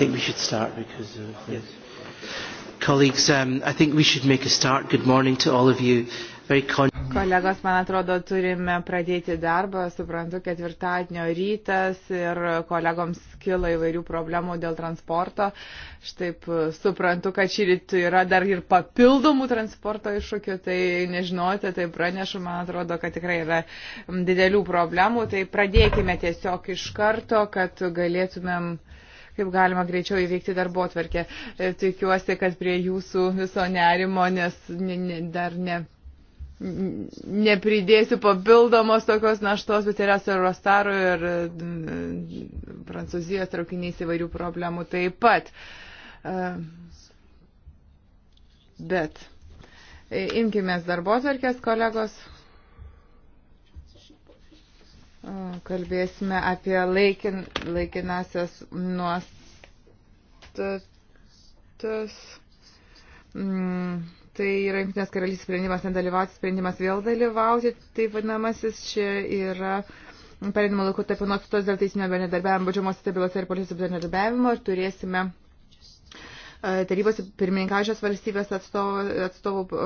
think we should start because of uh, yes. colleagues. Um, I think we should make a start. Good morning to all of you. Very con Kolegos, man atrodo, turime pradėti darbą. Suprantu, ketvirtadienio rytas ir kolegoms kila įvairių problemų dėl transporto. Štaip uh, suprantu, kad šį rytą yra dar ir papildomų transporto iššūkių, tai nežinote, tai pranešu, man atrodo, kad tikrai yra didelių problemų. Tai pradėkime tiesiog iš karto, kad galėtumėm uh, kaip galima greičiau įveikti darbo atverkę. E, tikiuosi, kad prie jūsų viso nerimo, nes ne, ne, dar ne. Nepridėsiu papildomos tokios naštos, bet yra su Rostaru ir e, Prancūzijos traukiniais įvairių problemų taip pat. E, bet imkime darbo atverkės, kolegos. Kalbėsime apie laikin, laikinasias nuostatas nuostatas. E, mm, tai yra Junktinės karalystės sprendimas nedalyvauti, sprendimas vėl dalyvauti, taip vadinamasis čia yra. Perėdimo laiko tarp nuostatos dėl teisinio bendradarbiavimo, baudžiamosios bylose ir policijos bendradarbiavimo ir turėsime tarybos pirmininkaujančios valstybės atstovų, atstovų e,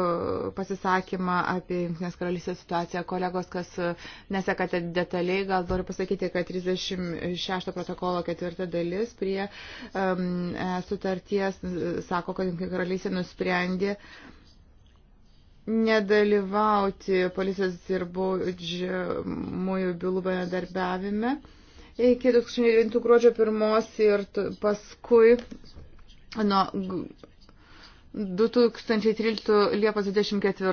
pasisakymą apie Junktinės karalystės situaciją. Kolegos, kas e, nesekate detaliai, gal noriu pasakyti, kad 36 protokolo ketvirta dalis prie um, sutarties sako, kad Junktinė karalystė nusprendė nedalyvauti policijos ir baudžiamųjų bylų bendarbiavime iki 2009 gruodžio 1 ir paskui nuo 2013 Liepos 24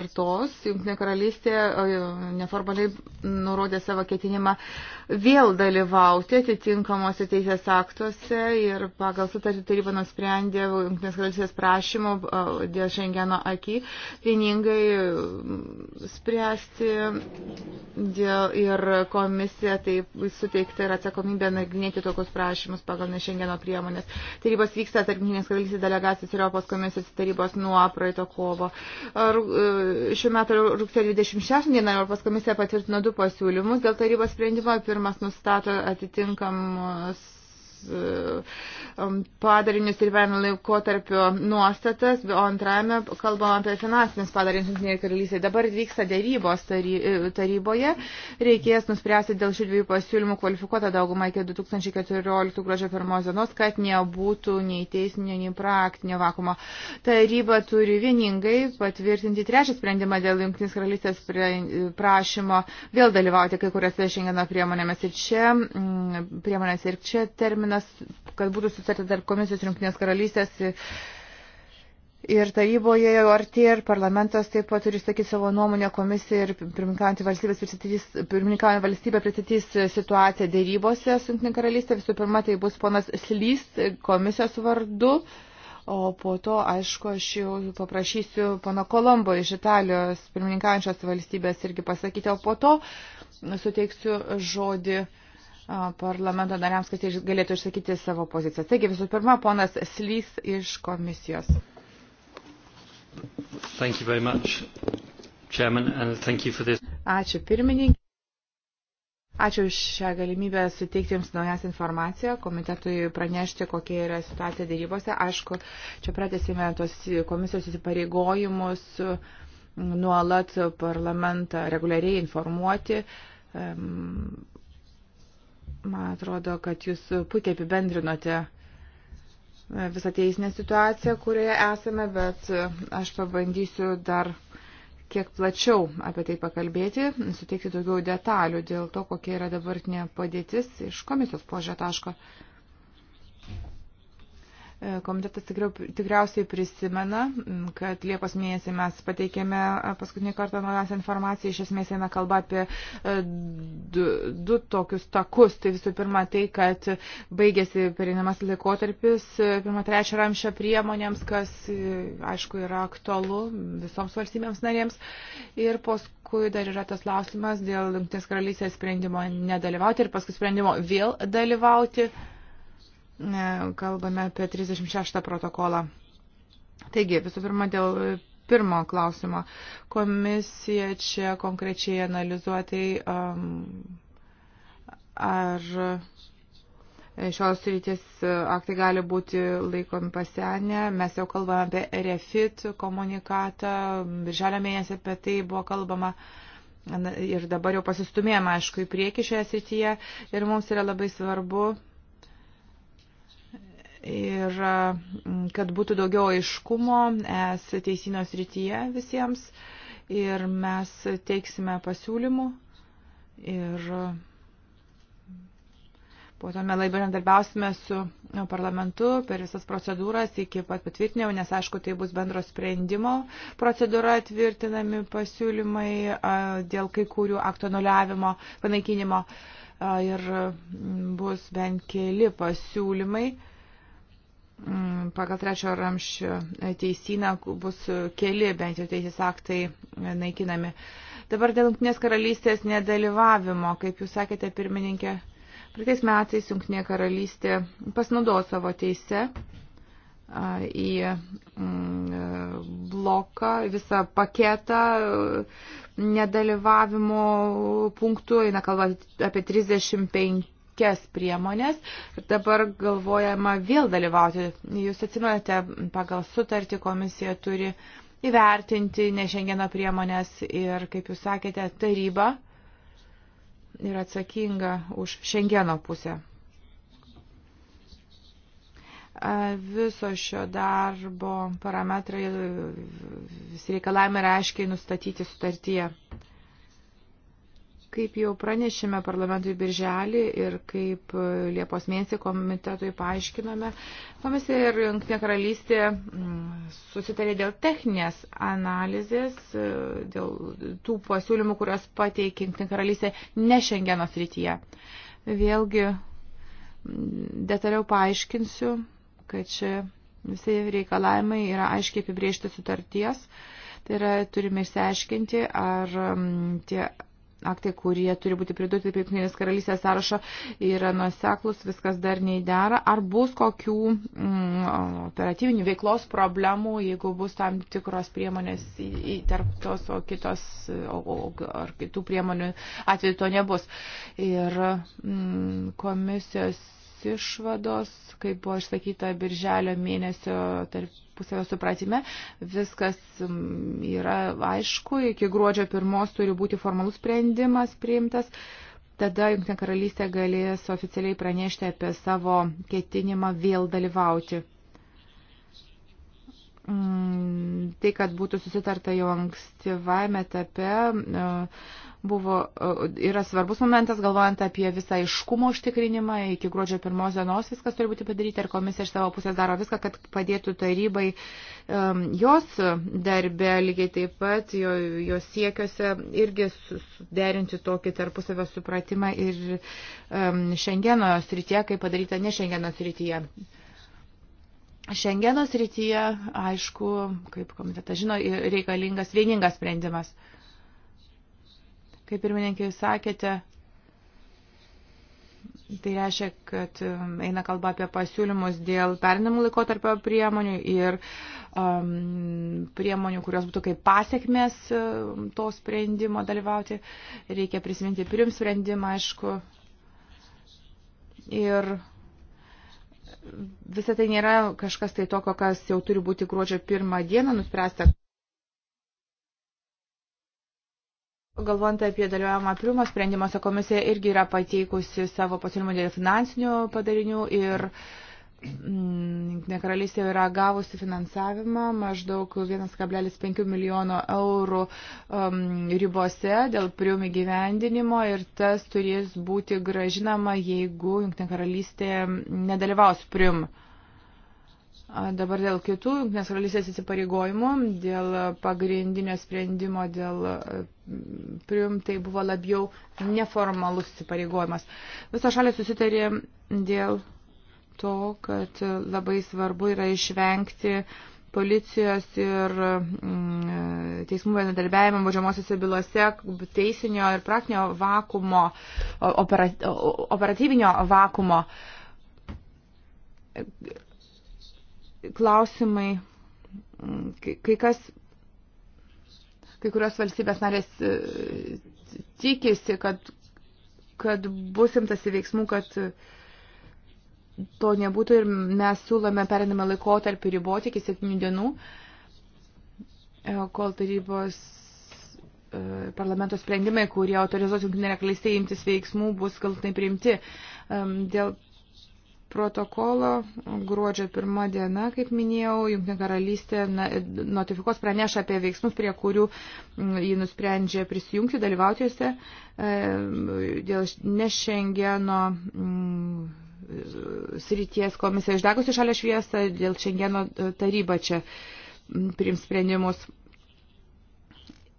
Junktinė karalystė e, neformaliai nurodė savo ketinimą vėl dalyvauti atitinkamuose teisės aktuose ir pagal sutartį taryba nusprendė Junktinės karalystės prašymų dėl Šengeno akį vieningai spręsti dėl, ir komisija taip suteikta ir atsakomybė nagrinėti tokius prašymus pagal ne Šengeno priemonės. Tarybos vyksta tarp Junktinės karalystės delegacijos ir Europos komisijos tarybos tarybos nuo praeito kovo. Ar, e, šiuo metu rugsėjo 26 dieną Europos komisija patvirtino du pasiūlymus dėl tarybos sprendimo. Pirmas nustato atitinkamus E, um, padarinius ir vienu laikotarpio nuostatas, o antrajame kalbam apie finansinius padarinius Junktinėje karalystėje. Dabar vyksta dėrybos e, taryboje, reikės nuspręsti dėl šių dviejų pasiūlymų kvalifikuotą daugumą iki 2014 gruodžio pirmos dienos, kad nebūtų nei teisinio, nei praktinio vakumo. Taryba turi vieningai patvirtinti trečią sprendimą dėl Junktinės karalystės prašymo vėl dalyvauti kai kuriuose šiandieno priemonėmis ir čia, mm, priemonės ir čia terminas planas, kad būtų sutarta tarp komisijos rinktinės karalystės. Ir taryboje jau artėja ir parlamentas taip pat turi išsakyti savo nuomonę komisija ir pirmininkaujantį valstybę pristatys situaciją dėrybose su Junktinė karalystė. Visų pirma, tai bus ponas Slys komisijos vardu. O po to, aišku, aš jau paprašysiu pono Kolombo iš Italijos pirmininkaujančios valstybės irgi pasakyti, o po to suteiksiu žodį uh, parlamento nariams, kad jie galėtų išsakyti savo pozicijas. Taigi visų pirma, ponas Slys iš komisijos. Much, Chairman, Ačiū pirmininkai. Ačiū už šią galimybę suteikti Jums naujas informaciją, komitetui pranešti, kokia yra situacija dėrybose. Aišku, čia pratesime tos komisijos įsipareigojimus nuolat parlamentą reguliariai informuoti Man atrodo, kad jūs puikiai apibendrinote e, visą teisinę situaciją, kurioje esame, bet e, aš pabandysiu dar kiek plačiau apie tai pakalbėti, suteikti daugiau detalių dėl to, kokia yra dabartinė padėtis iš komisijos požiūrė taško. Komitetas tikriausiai prisimena, kad Liepos mėnesį mes pateikėme paskutinį kartą naujausią informaciją. Iš esmės eina kalba apie e, du, du tokius takus. Tai visų pirma tai, kad baigėsi perinamas laikotarpis e, pirmą trečią ramšę priemonėms, kas e, aišku yra aktualu visoms valstybėms narėms. Ir paskui dar yra tas klausimas dėl Junktinės karalystės sprendimo nedalyvauti ir paskui sprendimo vėl dalyvauti kalbame apie 36 protokolą. Taigi, visų pirma, dėl pirmo klausimo. Komisija čia konkrečiai analizuotai, um, ar šios rytis aktai gali būti laikomi pasenę. Mes jau kalbame apie refit komunikatą, birželio mėnesį apie tai buvo kalbama. Ir dabar jau pasistumėjame, aišku, į priekį šioje srityje ir mums yra labai svarbu ir mm, kad būtų daugiau aiškumo es teisino srityje visiems ir mes teiksime pasiūlymų ir mm, po to mielai bendradarbiausime su mm, parlamentu per visas procedūras iki pat patvirtinimo, nes aišku, tai bus bendro sprendimo procedūra tvirtinami pasiūlymai dėl kai kurių akto nuliavimo, panaikinimo ir bus bent keli pasiūlymai Mm, pagal trečio ramščio e, teisyną bus e, keli bent jau teisės aktai e, naikinami. Dabar dėl Junktinės karalystės nedalyvavimo, kaip jūs sakėte, pirmininkė, praeitais metais Junktinė karalystė pasinaudojo savo teise į mm, bloką, visą paketą nedalyvavimo punktų, eina kalba apie 35 aiškės priemonės. Dabar galvojama vėl dalyvauti. Jūs atsimenate, pagal sutartį komisija turi įvertinti nešengeno priemonės ir, kaip jūs sakėte, taryba yra atsakinga už šengeno pusę. Viso šio darbo parametrai, visi reikalavimai yra aiškiai nustatyti sutartyje. Kaip jau pranešėme parlamentui birželį ir kaip e, Liepos mėnesį komitetui paaiškinome, komisija ir Junktinė karalystė mm, susitarė dėl techninės analizės, e, dėl tų pasiūlymų, kurios pateikė Junktinė karalystė ne šengenos rytyje. Vėlgi mm, detaliau paaiškinsiu, kad čia visi reikalavimai yra aiškiai apibriežti sutarties. Tai yra, turime išsiaiškinti, ar mm, tie aktai, kurie turi būti pridurti prie Junktinės karalystės sąrašo, yra nuoseklus, viskas dar neįdera. Ar bus kokių mm, operatyvinių veiklos problemų, jeigu bus tam tikros priemonės įterptos, o kitos, o, o, ar kitų priemonių atveju to nebus. Ir mm, komisijos išvados, kaip buvo išsakyta birželio mėnesio tarpusavio supratime, viskas mm, yra aišku, iki gruodžio pirmos turi būti formalus sprendimas priimtas. Tada Junktinė karalystė galės oficialiai pranešti apie savo ketinimą vėl dalyvauti mm, tai, kad būtų susitarta jau ankstyvame etape, e, buvo, yra svarbus momentas, galvojant apie visą iškumo užtikrinimą. Iki gruodžio pirmos dienos viskas turi būti padaryta ir komisija iš savo pusės daro viską, kad padėtų tarybai um, jos darbę, lygiai taip pat jo, jos siekiuose irgi suderinti tokį tarpusavio supratimą ir um, Šengeno srityje, kaip padaryta ne Šengeno srityje. Šengeno srityje, aišku, kaip komitetas žino, reikalingas vieningas sprendimas. Kaip pirmininkai jūs sakėte, tai reiškia, kad um, eina kalba apie pasiūlymus dėl pernamų laikotarpio priemonių ir um, priemonių, kurios būtų kaip pasiekmes um, to sprendimo dalyvauti. Reikia prisiminti pirim sprendimą, aišku. Ir visą tai nėra kažkas tai tokio, kas jau turi būti gruodžio pirmą dieną nuspręsta. galvojant apie dalyvavimą pirmo sprendimuose, komisija irgi yra pateikusi savo pasiūlymą dėl finansinių padarinių ir mm, Junktinė karalystė yra gavusi finansavimą maždaug 1,5 milijono eurų um, ribose dėl priumi gyvendinimo ir tas turės būti gražinama, jeigu Junktinė karalystė nedalyvaus prium. Uh, Dabar dėl kitų Junktinės karalystės įsipareigojimų, dėl pagrindinio sprendimo, dėl e, prium, tai buvo labiau neformalus įsipareigojimas. Visos šalės susitarė dėl to, kad labai svarbu yra išvengti policijos ir mm, teismų bendradarbiavimo važiuomosiose bylose teisinio ir praktinio vakumo, operatyvinio vakumo klausimai, mm, kai kas, kai kurios valstybės narės e, tikėsi, kad, kad bus imtasi veiksmų, kad to nebūtų ir mes siūlome perinamą laikotarpį riboti iki septynių dienų, e, kol tarybos e, parlamento sprendimai, kurie autorizuos jungtinė karalystė imtis veiksmų, bus galtinai priimti. Dėl protokolo gruodžio pirmą dieną, kaip minėjau, Junktinė karalystė notifikuos praneša apie veiksmus, prie kurių mm, jį nusprendžia prisijungti, dalyvauti juose e, dėl nešengeno mm, srities komisija išdegusi šalia šviesą, dėl šengeno e, taryba čia mm, priims sprendimus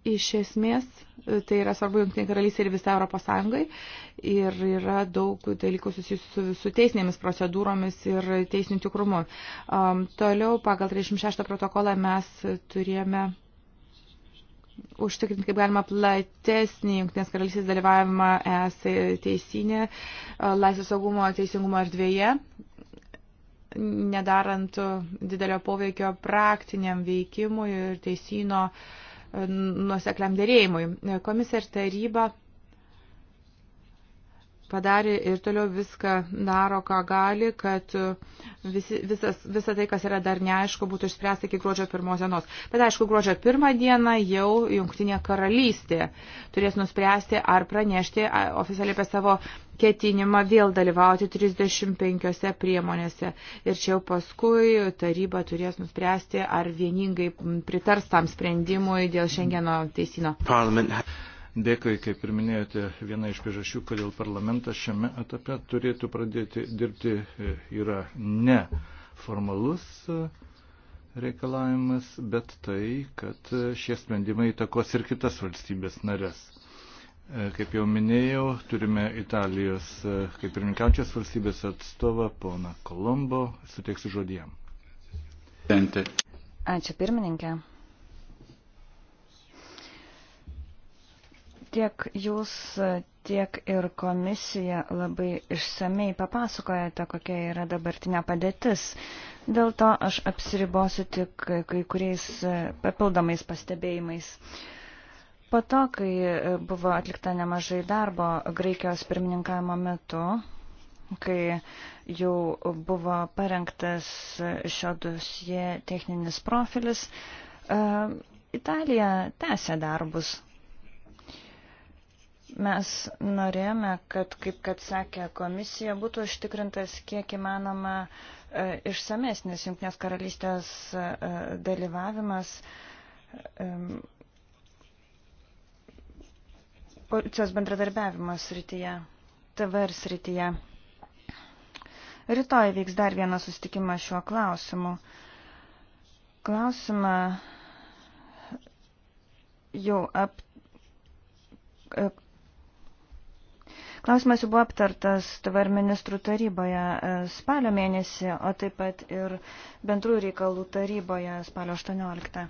iš esmės e, tai yra svarbu Junktinė karalystė ir visai Europos Sąjungai ir yra daug dalykų susijusių su, su teisinėmis procedūromis ir teisiniu tikrumu. Um, toliau pagal 36 protokolą mes turėjome užtikrinti kaip galima platesnį Junktinės karalystės dalyvavimą ES teisinė, e, laisvės saugumo teisingumo erdvėje nedarant didelio poveikio praktiniam veikimui ir teisino uh, nusekliam dėrėjimui. Komisija ir taryba padarė ir toliau viską daro, ką gali, kad visi, visas, visa tai, kas yra dar neaišku, būtų išspręsta iki gruodžio pirmos dienos. Bet aišku, gruodžio pirmą dieną jau Junktinė karalystė turės nuspręsti, ar pranešti oficialiai apie savo ketinimą vėl dalyvauti 35 priemonėse. Ir čia jau paskui taryba turės nuspręsti, ar vieningai pritars tam sprendimui dėl Šengeno teisino. Parliament. Dėkui, kaip ir minėjote, viena iš priežasčių, kodėl parlamentas šiame etape turėtų pradėti dirbti, e, yra ne formalus e, reikalavimas, bet tai, kad e, šie sprendimai įtakos ir kitas valstybės narės. E, kaip jau minėjau, turime Italijos, e, kaip ir minkiaučios valstybės atstovą, poną Kolombo, suteiksiu žodiem. Ačiū pirmininkė. tiek jūs, tiek ir komisija labai išsamei papasakojate, kokia yra dabartinė padėtis. Dėl to aš apsiribosiu tik kai kuriais papildomais pastebėjimais. Uh, Po to, kai e, buvo atlikta nemažai darbo Graikijos pirmininkavimo metu, kai jau buvo parengtas šio dusie techninis profilis, e, Italija tęsė darbus. Mes norėjome, kad, kaip kad sakė komisija, būtų užtikrintas kiek įmanoma e, išsamesnis Junktinės karalystės dalyvavimas policijos bendradarbiavimo srityje, TVR srityje. Rytoj vyks dar vienas sustikimas šiuo klausimu. Klausimą jau ap, ap, e, Klausimas jau buvo aptartas dabar ministrų taryboje e, spalio mėnesį, o taip pat ir bendrų reikalų taryboje spalio 18.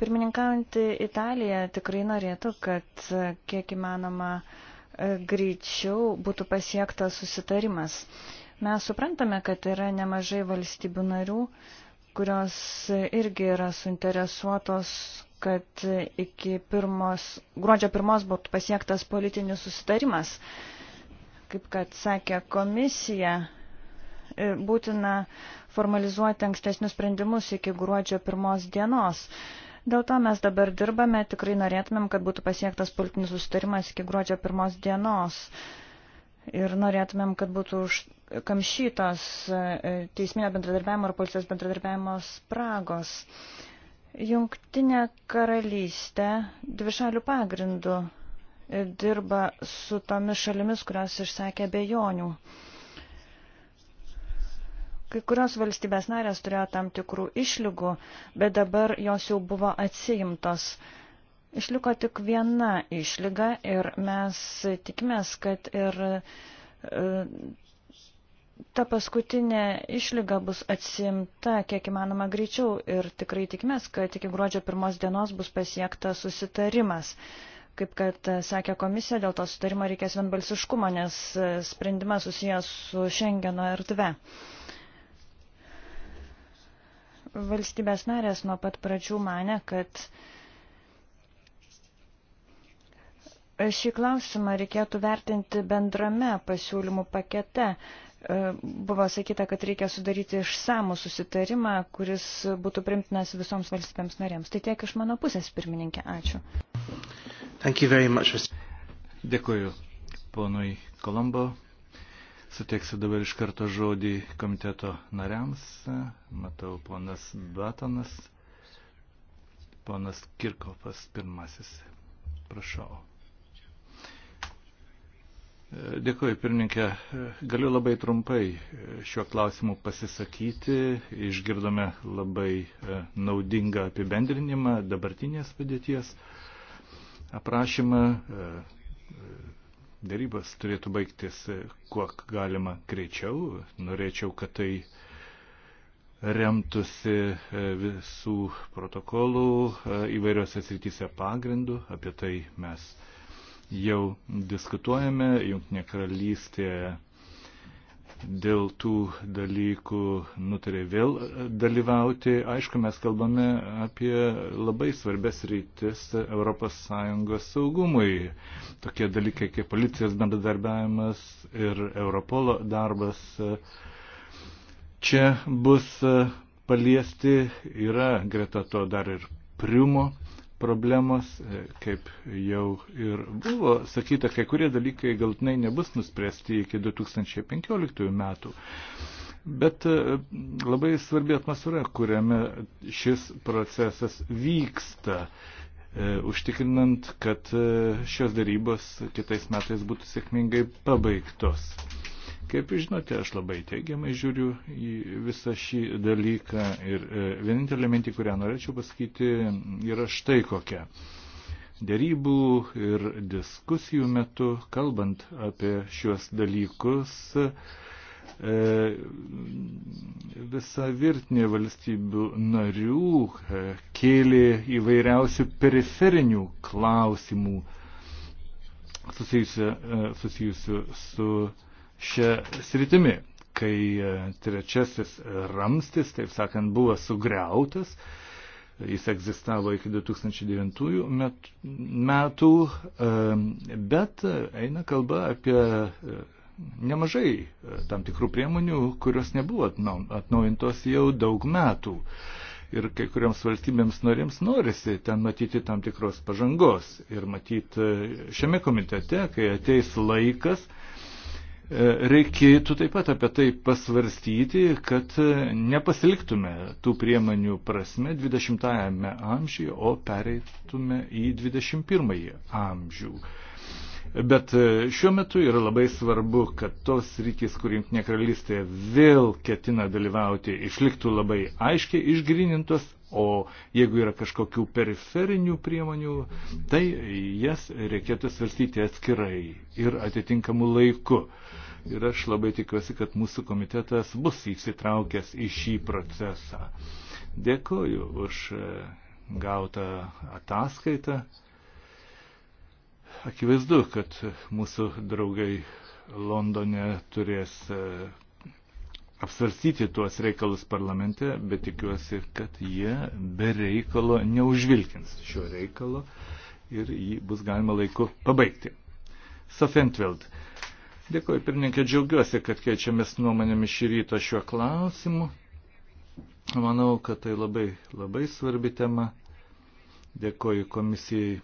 Pirmininkaujantį Italiją tikrai norėtų, kad kiek įmanoma e, greičiau būtų pasiektas susitarimas. Mes suprantame, kad yra nemažai valstybių narių, kurios irgi yra suinteresuotos, kad iki pirmos, gruodžio pirmos būtų pasiektas politinis susitarimas. Kaip kad sakė komisija, e, būtina formalizuoti ankstesnius sprendimus iki gruodžio pirmos dienos. Dėl to mes dabar dirbame, tikrai norėtumėm, kad būtų pasiektas politinis sustarimas iki gruodžio pirmos dienos. Ir norėtumėm, kad būtų kamšytos e, teisminio bendradarbiavimo ir policijos bendradarbiavimo spragos. Jungtinė karalystė dvišalių pagrindų e, dirba su tomis šalimis, kurios išsakė bejonių. Kai kurios valstybės narės turėjo tam tikrų išlygų, bet dabar jos jau buvo atsiimtos. Išliko tik viena išlyga ir mes tikimės, kad ir e, ta paskutinė išlyga bus atsimta kiek įmanoma greičiau ir tikrai tikimės, kad iki gruodžio pirmos dienos bus pasiektas susitarimas. Kaip kad e, sakė komisija, dėl to sutarimo reikės vienbalsiškumo, nes e, sprendimas susijęs su Šengeno erdve. Ir Valstybės narės nuo pat pradžių mane, kad šį klausimą reikėtų vertinti bendrame pasiūlymų pakete. E, buvo sakyta, kad reikia sudaryti išsamų susitarimą, kuris būtų primtinas visoms valstybėms narėms. Tai tiek iš mano pusės, pirmininkė. Ačiū. Dėkuoju ponui Kolombo. Suteiksiu dabar iš karto žodį komiteto nariams. Matau ponas Batonas, ponas Kirkopas pirmasis. Prašau. Dėkuoju, pirmininkė. Galiu labai trumpai šiuo klausimu pasisakyti. Išgirdome labai e, naudingą apibendrinimą dabartinės padėties aprašymą. E, Dėrybos turėtų baigtis e, kuo galima greičiau. Norėčiau, kad tai remtųsi e, visų protokolų e, įvairiose srityse pagrindų. Apie tai mes jau diskutuojame. Junktinė karalystė dėl tų dalykų nutarė vėl dalyvauti. Aišku, mes kalbame apie labai svarbės rytis ES saugumui. Tokie dalykai kaip policijos bendradarbiavimas ir Europolo darbas čia bus paliesti. Yra greta to dar ir priumo problemos, e, kaip jau ir buvo sakyta, kai kurie dalykai galtinai nebus nuspręsti iki 2015 metų. Bet e, labai svarbi atmosfera, kuriame šis procesas vyksta, e, užtikrinant, kad šios darybos kitais metais būtų sėkmingai pabaigtos. Kaip žinote, aš labai teigiamai žiūriu į visą šį dalyką ir e, vienintelė mintį, kurią norėčiau pasakyti, yra štai kokia. Dėrybų ir diskusijų metu, kalbant apie šiuos dalykus, e, visa virtinė valstybių narių e, kėlė įvairiausių periferinių klausimų susijusių, susijusių su šią sritimi. Kai e, trečiasis ramstis, taip sakant, buvo sugriautas, jis egzistavo iki 2009 metų, e, bet eina kalba apie e, nemažai tam tikrų priemonių, kurios nebuvo atnaujintos jau daug metų. Ir kai kuriams valstybėms norėms norisi ten matyti tam tikros pažangos. Ir matyti šiame komitete, kai ateis laikas, E, reikėtų taip pat apie tai pasvarstyti, kad e, nepasiliktume tų priemonių prasme 20-ame amžiuje, o pereitume į 21-ąjį amžių. Bet e, šiuo metu yra labai svarbu, kad tos rytis, kur Junktinė karalystė vėl ketina dalyvauti, išliktų labai aiškiai išgrinintos, O jeigu yra kažkokių periferinių priemonių, tai jas reikėtų svarstyti atskirai ir atitinkamų laiku. Ir aš labai tikiuosi, kad mūsų komitetas bus įsitraukęs į šį procesą. Dėkoju už e, gautą ataskaitą. Akivaizdu, kad mūsų draugai Londone turės e, apsvarstyti tuos reikalus parlamente, bet tikiuosi, kad jie be reikalo neužvilkins šio reikalo ir jį bus galima laiku pabaigti. Sofentveld. Dėkuoju, pirmininkė, džiaugiuosi, kad keičiamės nuomonėmis šį rytą šiuo klausimu. Manau, kad tai labai, labai svarbi tema. Dėkuoju komisijai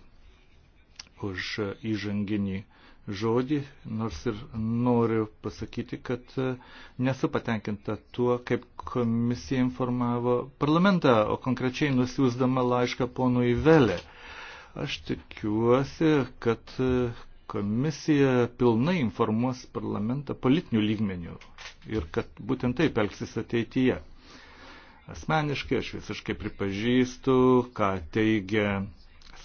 už įžanginį žodį, nors ir noriu pasakyti, kad e, nesu patenkinta tuo, kaip komisija informavo parlamentą, o konkrečiai nusiūsdama laišką ponui Velė. Aš tikiuosi, kad e, komisija pilnai informuos parlamentą politinių lygmenių ir kad būtent taip elgsis ateityje. Asmeniškai aš visiškai pripažįstu, ką teigia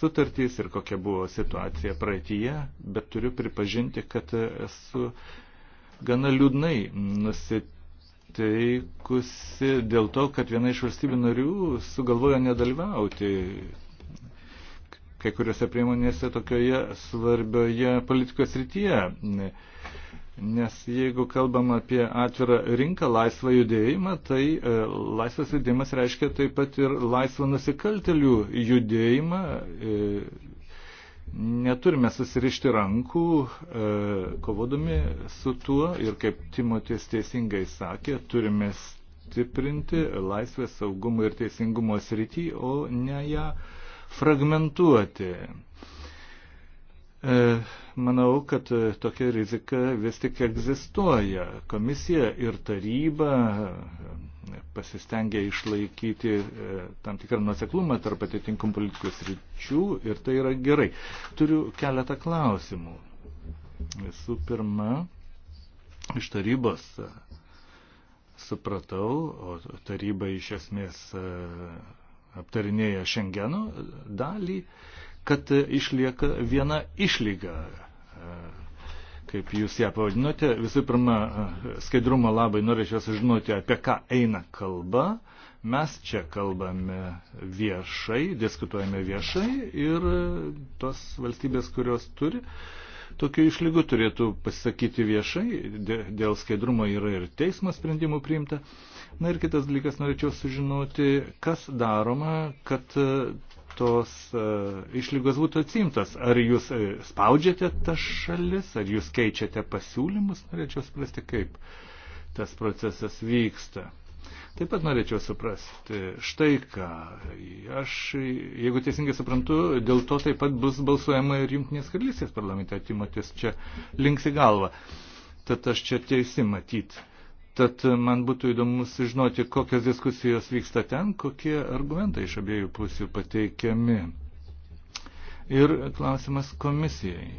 sutartys ir kokia buvo situacija praeitie, bet turiu pripažinti, kad esu gana liūdnai nusiteikusi dėl to, kad viena iš valstybių narių sugalvojo nedalyvauti kai kuriuose priemonėse tokioje svarbioje politikos rytyje. Nes jeigu kalbam apie atvirą rinką, laisvą judėjimą, tai e, laisvas judėjimas reiškia taip pat ir laisvą nusikaltelių judėjimą. E, neturime susirišti rankų, e, kovodami su tuo ir kaip Timotės teisingai sakė, turime stiprinti laisvės saugumo ir teisingumo srity, o ne ją fragmentuoti. E, E, manau, kad e, tokia rizika vis tik egzistuoja. Komisija ir taryba e, pasistengia išlaikyti tam tikrą nuoseklumą tarp atitinkamų politikos ryčių ir tai yra gerai. Turiu keletą klausimų. Visų pirma, iš tarybos supratau, o taryba iš esmės aptarinėja Šengeno dalį. E, kad išlieka viena išlyga, kaip jūs ją pavadinote. Visų pirma, skaidrumo labai norėčiau sužinoti, apie ką eina kalba. Mes čia kalbame viešai, diskutuojame viešai ir tos valstybės, kurios turi, tokių išlygų turėtų pasisakyti viešai, dėl skaidrumo yra ir teismo sprendimų priimta. Na ir kitas dalykas, norėčiau sužinoti, kas daroma, kad tos e, išlygos būtų atsimtas. Ar jūs e, spaudžiate tas šalis, ar jūs keičiate pasiūlymus, norėčiau suprasti, kaip tas procesas vyksta. Taip pat norėčiau suprasti, štai ką, aš, jeigu teisingai suprantu, dėl to taip pat bus balsuojama ir Junktinės karalystės parlamente, atimotis čia linksi galvą. Tad aš čia teisi matyti. Tad man būtų įdomu sužinoti, kokios diskusijos vyksta ten, kokie argumentai iš abiejų pusių pateikiami. Ir klausimas komisijai.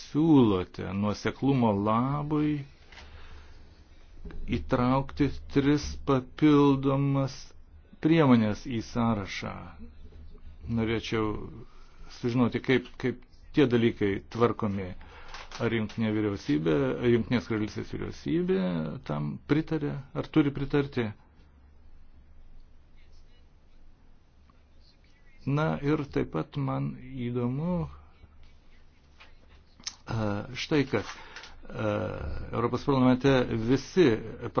Siūlote nuoseklumo labui įtraukti tris papildomas priemonės į sąrašą. Norėčiau sužinoti, kaip, kaip tie dalykai tvarkomi. Uh, Ar jungtinė vyriausybė, jungtinės karalystės vyriausybė tam pritarė, ar turi pritarti? Na ir taip pat man įdomu štai kas. Europos parlamente visi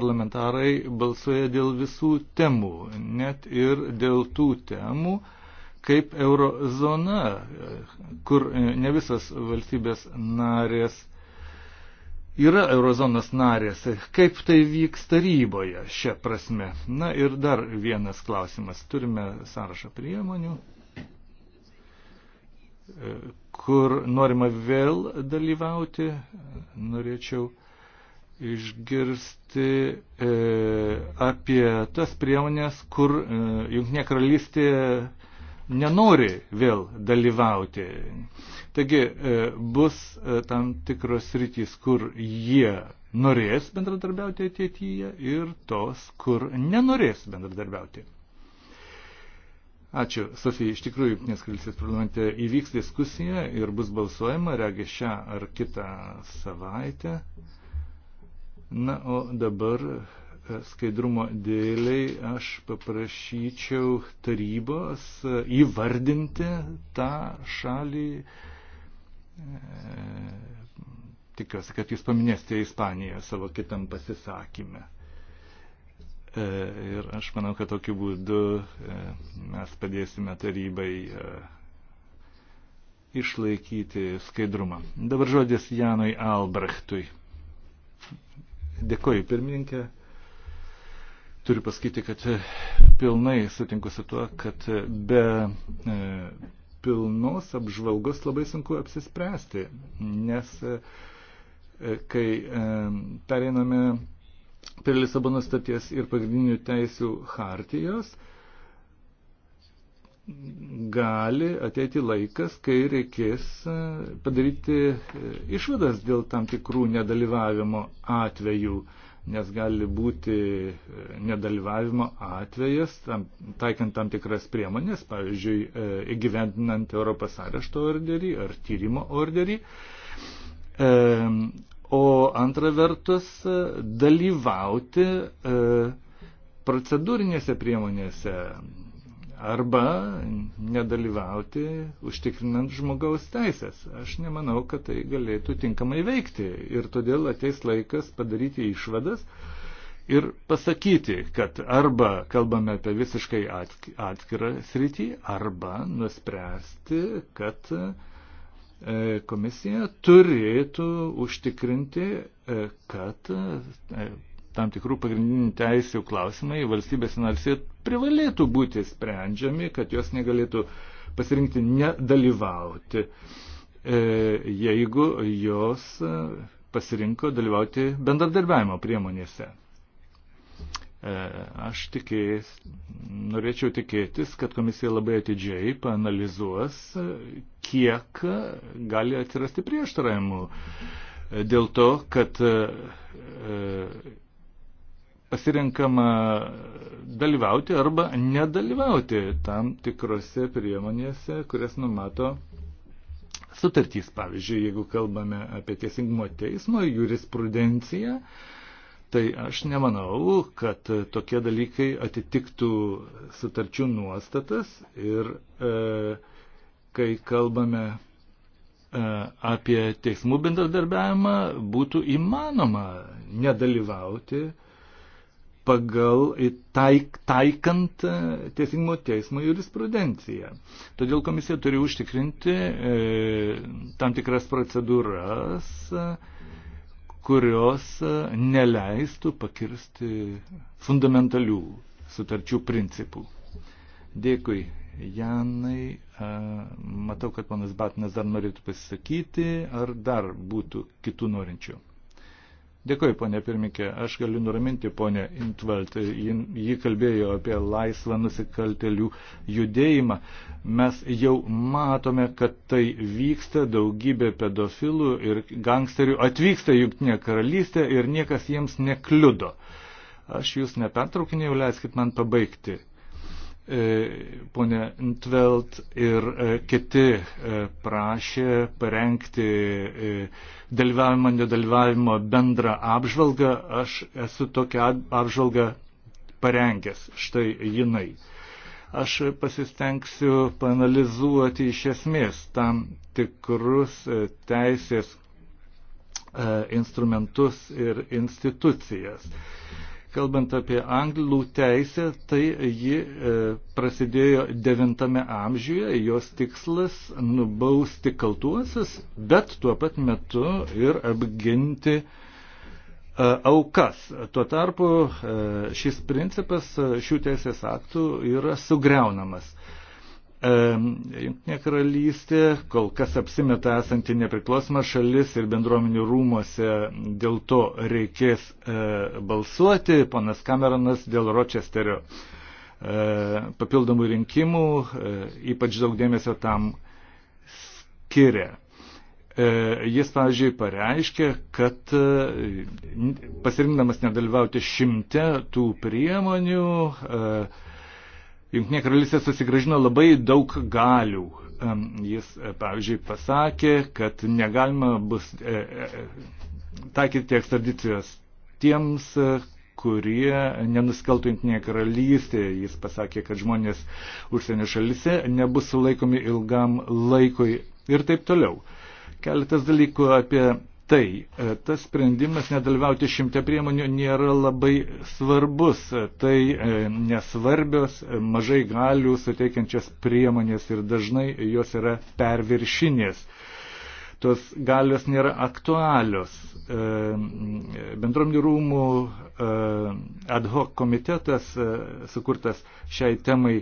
parlamentarai balsuoja dėl visų temų, net ir dėl tų temų, kaip eurozona, kur e, ne visas valstybės narės yra eurozonos narės, kaip tai vyks taryboje šią prasme. Na ir dar vienas klausimas. Turime sąrašą priemonių, e, kur norima vėl dalyvauti. Norėčiau išgirsti e, apie tas priemonės, kur e, Junknė karalystė e, nenori vėl dalyvauti. Taigi e, bus e, tam tikros rytis, kur jie norės bendradarbiauti ateityje ir tos, kur nenorės bendradarbiauti. Ačiū, Sofija. Iš tikrųjų, Junktinės karalystės parlamente įvyks diskusija ir bus balsuojama, regi šią ar kitą savaitę. Na, o dabar skaidrumo dėliai aš paprašyčiau tarybos įvardinti tą šalį. Tikiuosi, kad jūs paminėsite Ispaniją savo kitam pasisakymę. E, ir aš manau, kad tokiu būdu e, mes padėsime tarybai e, išlaikyti skaidrumą. Dabar žodis Janui Albrechtui. Dėkoju, pirmininkė. Turiu pasakyti, kad e, pilnai sutinku su tuo, kad e, be e, pilnos apžvalgos labai sunku apsispręsti, nes kai pereiname prie Lisabono staties ir pagrindinių teisių hartijos, gali ateiti laikas, kai reikės padaryti išvadas dėl tam tikrų nedalyvavimo atvejų nes gali būti e, nedalyvavimo atvejas, tam, taikant tam tikras priemonės, pavyzdžiui, e, įgyvendinant Europos arešto orderį ar tyrimo orderį. E, o antra vertus, dalyvauti procedūrinėse priemonėse, arba nedalyvauti užtikrinant žmogaus teisės. Aš nemanau, kad tai galėtų tinkamai veikti ir todėl ateis laikas padaryti išvadas ir pasakyti, kad arba kalbame apie visiškai atskirą sritį, arba nuspręsti, kad e, komisija turėtų užtikrinti, e, kad e, tam tikrų pagrindinių teisių klausimai valstybės narsi privalėtų būti sprendžiami, kad jos negalėtų pasirinkti nedalyvauti, e, jeigu jos e, pasirinko dalyvauti bendradarbiavimo priemonėse. E, aš tikėjus, norėčiau tikėtis, kad komisija labai atidžiai panalizuos, kiek gali atsirasti prieštaravimų dėl to, kad pasirinkama dalyvauti arba nedalyvauti tam tikrose priemonėse, kurias numato sutartys. Pavyzdžiui, jeigu kalbame apie teisingumo teismo jurisprudenciją, tai aš nemanau, kad tokie dalykai atitiktų sutarčių nuostatas ir e, kai kalbame e, apie teismų bendradarbiavimą, būtų įmanoma nedalyvauti e, pagal taik, taikant e, teisingumo teismo jurisprudenciją. Todėl komisija turi užtikrinti e, tam tikras procedūras, e, kurios e, neleistų pakirsti fundamentalių sutarčių principų. Dėkui, Janai. Matau, kad panas Batinas dar norėtų pasisakyti, ar dar būtų kitų norinčių. Dėkuoju, ponė pirmikė. Aš galiu nuraminti ponę Intvalt. Ji, ji kalbėjo apie laisvą nusikaltelių judėjimą. Mes jau matome, kad tai vyksta daugybė pedofilų ir gangsterių. Atvyksta Junktinė karalystė ir niekas jiems nekliudo. Aš jūs nepertraukinėjau, leiskit man pabaigti. E, ponė Ntvelt ir e, kiti e, prašė parengti dalyvavimo, nedalyvavimo bendrą apžvalgą. Aš esu tokią apžvalgą parengęs. Štai jinai. Aš pasistengsiu panalizuoti iš esmės tam tikrus teisės instrumentus ir institucijas. Kalbant apie anglų teisę, tai ji e, prasidėjo 9 amžiuje, jos tikslas nubausti kaltuosius, bet tuo pat metu ir apginti e, aukas. Tuo tarpu e, šis principas šių teisės aktų yra sugriaunamas. E, Junktinė karalystė kol kas apsimeta esanti nepriklausoma šalis ir bendruomenių rūmose dėl to reikės e, balsuoti. Ponas Kameronas dėl Ročesterio e, papildomų rinkimų ypač daug dėmesio tam skiria. Jis, pavyzdžiui, pareiškė, kad pasirinkdamas nedalyvauti šimte tų priemonių, Junktinė karalystė susigražino labai daug galių. Jis, e, pavyzdžiui, pasakė, kad negalima bus e, e, taikyti ekstradicijos tiems, e, kurie nenuskaltų Junktinėje karalystėje. Jis pasakė, kad žmonės užsienio šalise nebus sulaikomi ilgam laikui ir taip toliau. Keletas dalykų apie tai e, tas sprendimas nedalyvauti šimte priemonių nėra labai svarbus. Tai e, nesvarbios, e, mažai galių suteikiančios priemonės ir dažnai jos yra perviršinės tos galios nėra aktualios. Bendromnių rūmų ad hoc komitetas sukurtas šiai temai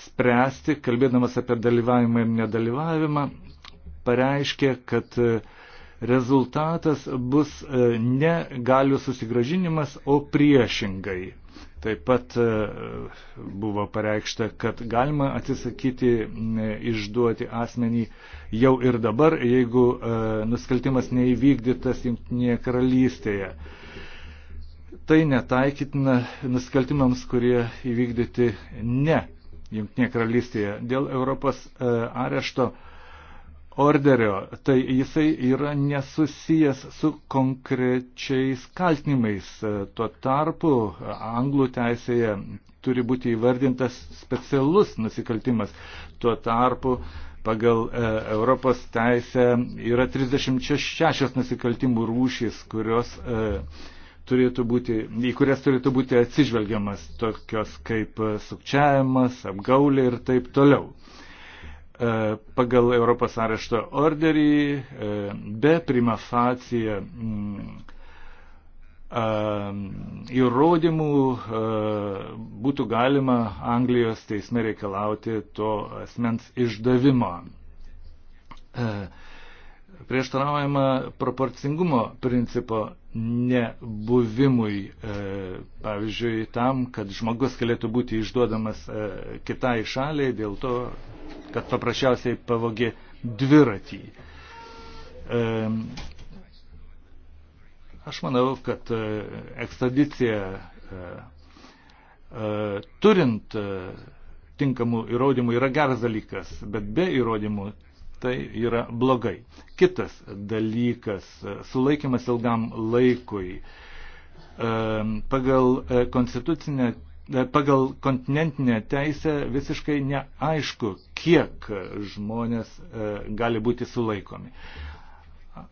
spręsti, kalbėdamas apie dalyvavimą ir nedalyvavimą, pareiškė, kad rezultatas bus e, ne galių susigražinimas, o priešingai. Taip pat e, buvo pareikšta, kad galima atsisakyti išduoti asmenį jau ir dabar, jeigu e, nusikaltimas neįvykdytas Junktinėje karalystėje. Tai netaikytina nusikaltimams, kurie įvykdyti ne Junktinėje karalystėje. Dėl Europos arešto orderio, tai jisai yra nesusijęs su konkrečiais kaltinimais. Tuo tarpu anglų teisėje turi būti įvardintas specialus nusikaltimas. Tuo tarpu pagal e, Europos teisę yra 36 nusikaltimų rūšys, kurios e, turėtų būti, į kurias turėtų būti atsižvelgiamas, tokios kaip sukčiavimas, apgaulė ir taip toliau. E, pagal Europos arešto orderį e, be prima facija mm, e, įrodymų būtų galima Anglijos teisme reikalauti to asmens išdavimo. A, prieštaraujama proporcingumo principo nebuvimui, e, pavyzdžiui, tam, kad žmogus galėtų būti išduodamas e, kitai šaliai dėl to, kad paprasčiausiai pavogė dviratį. E, aš manau, kad ekstradicija turint tinkamų įrodymų yra geras dalykas, bet be įrodymų tai yra blogai. Kitas dalykas e, - sulaikimas ilgam laikui. E, pagal, e, pagal kontinentinę teisę visiškai neaišku, kiek žmonės gali būti sulaikomi.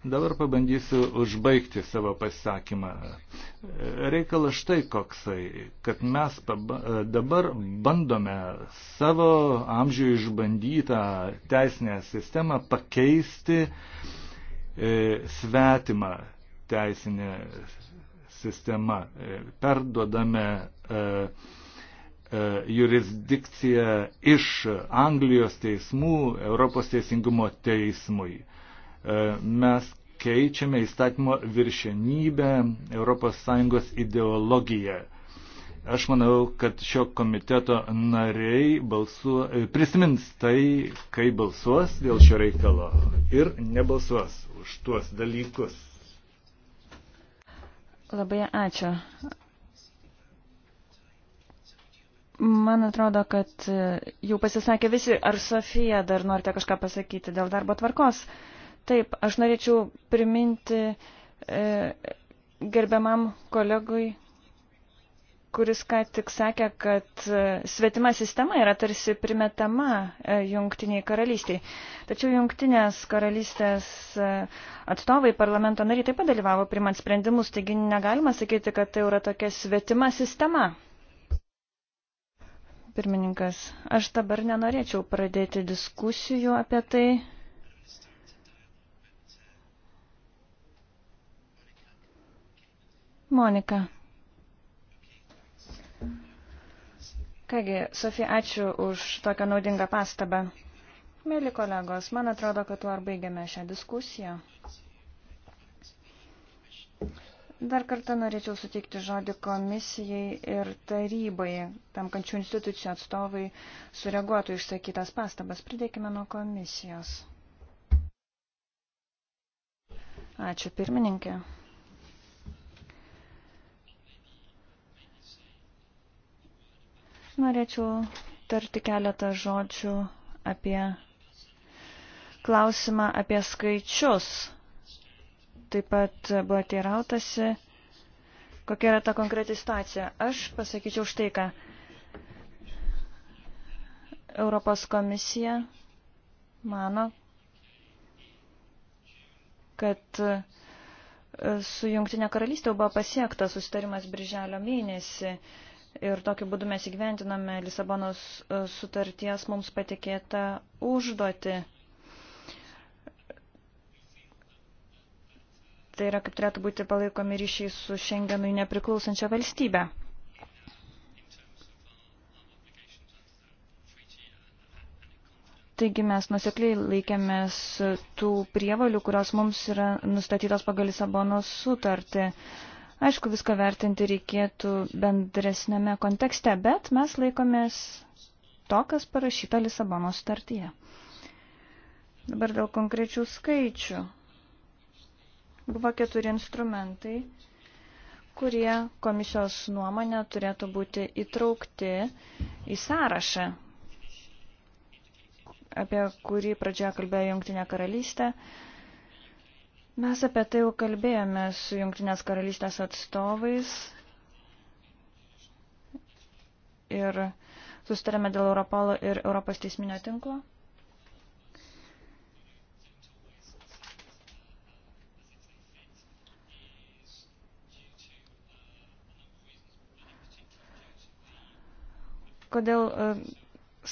Dabar pabandysiu užbaigti savo pasisakymą. Reikalas štai koksai, kad mes dabar bandome savo amžių išbandytą teisinę sistemą pakeisti e, svetimą teisinę sistemą. E, perduodame e, e, jurisdikciją iš Anglijos teismų Europos teisingumo teismui mes keičiame įstatymo viršenybę ES ideologiją. Aš manau, kad šio komiteto nariai balsu, e, prisimins tai, kai balsuos dėl šio reikalo ir nebalsuos už tuos dalykus. Labai ačiū. Man atrodo, kad e, jau pasisakė visi. Ar Sofija dar norite kažką pasakyti dėl darbo tvarkos? Uh, Taip, aš norėčiau priminti e, gerbiamam kolegui, kuris ką tik sakė, kad e, svetima sistema yra tarsi primetama e, jungtiniai karalystiai. Tačiau jungtinės karalystės e, atstovai parlamento nariai taip pat dalyvavo primant sprendimus, taigi negalima sakyti, kad tai yra tokia svetima sistema pirmininkas, aš dabar nenorėčiau pradėti diskusijų apie tai. Monika. Kągi, Sofija, ačiū už tokią naudingą pastabą. Mėly kolegos, man atrodo, kad tuo ar baigiame šią diskusiją. Dar kartą norėčiau suteikti žodį komisijai ir tarybai, tam kančių institucijų atstovai sureaguotų išsakytas pastabas. Pridėkime nuo komisijos. Ačiū pirmininkė. Norėčiau tarti keletą žodžių apie klausimą apie skaičius. Taip pat buvo teirautasi, kokia yra ta konkreti situacija. Aš pasakyčiau štai ką. Europos komisija mano, kad e, su Junktinė karalystė buvo pasiektas susitarimas birželio mėnesį ir tokiu būdu mes įgyventiname Lisabonos e, sutarties mums patikėtą užduotį. Tai yra, kaip turėtų būti palaikomi ryšiai su Šengenui nepriklausančia valstybe. Taigi mes nusekliai laikėmės tų prievalių, kurios mums yra nustatytos pagal Lisabonos sutartį. Uh, Aišku, viską vertinti reikėtų bendresnėme kontekste, bet mes laikomės to, kas parašyta Lisabono startyje. Dabar dėl konkrečių skaičių. Buvo keturi instrumentai, kurie komisijos nuomonė turėtų būti įtraukti į sąrašą, apie kurį pradžioje kalbėjo Jungtinė karalystė. Mes apie tai jau kalbėjome su Junktinės karalystės atstovais ir sustarėme dėl Europolo ir Europos teisminio tinklo. Kodėl e,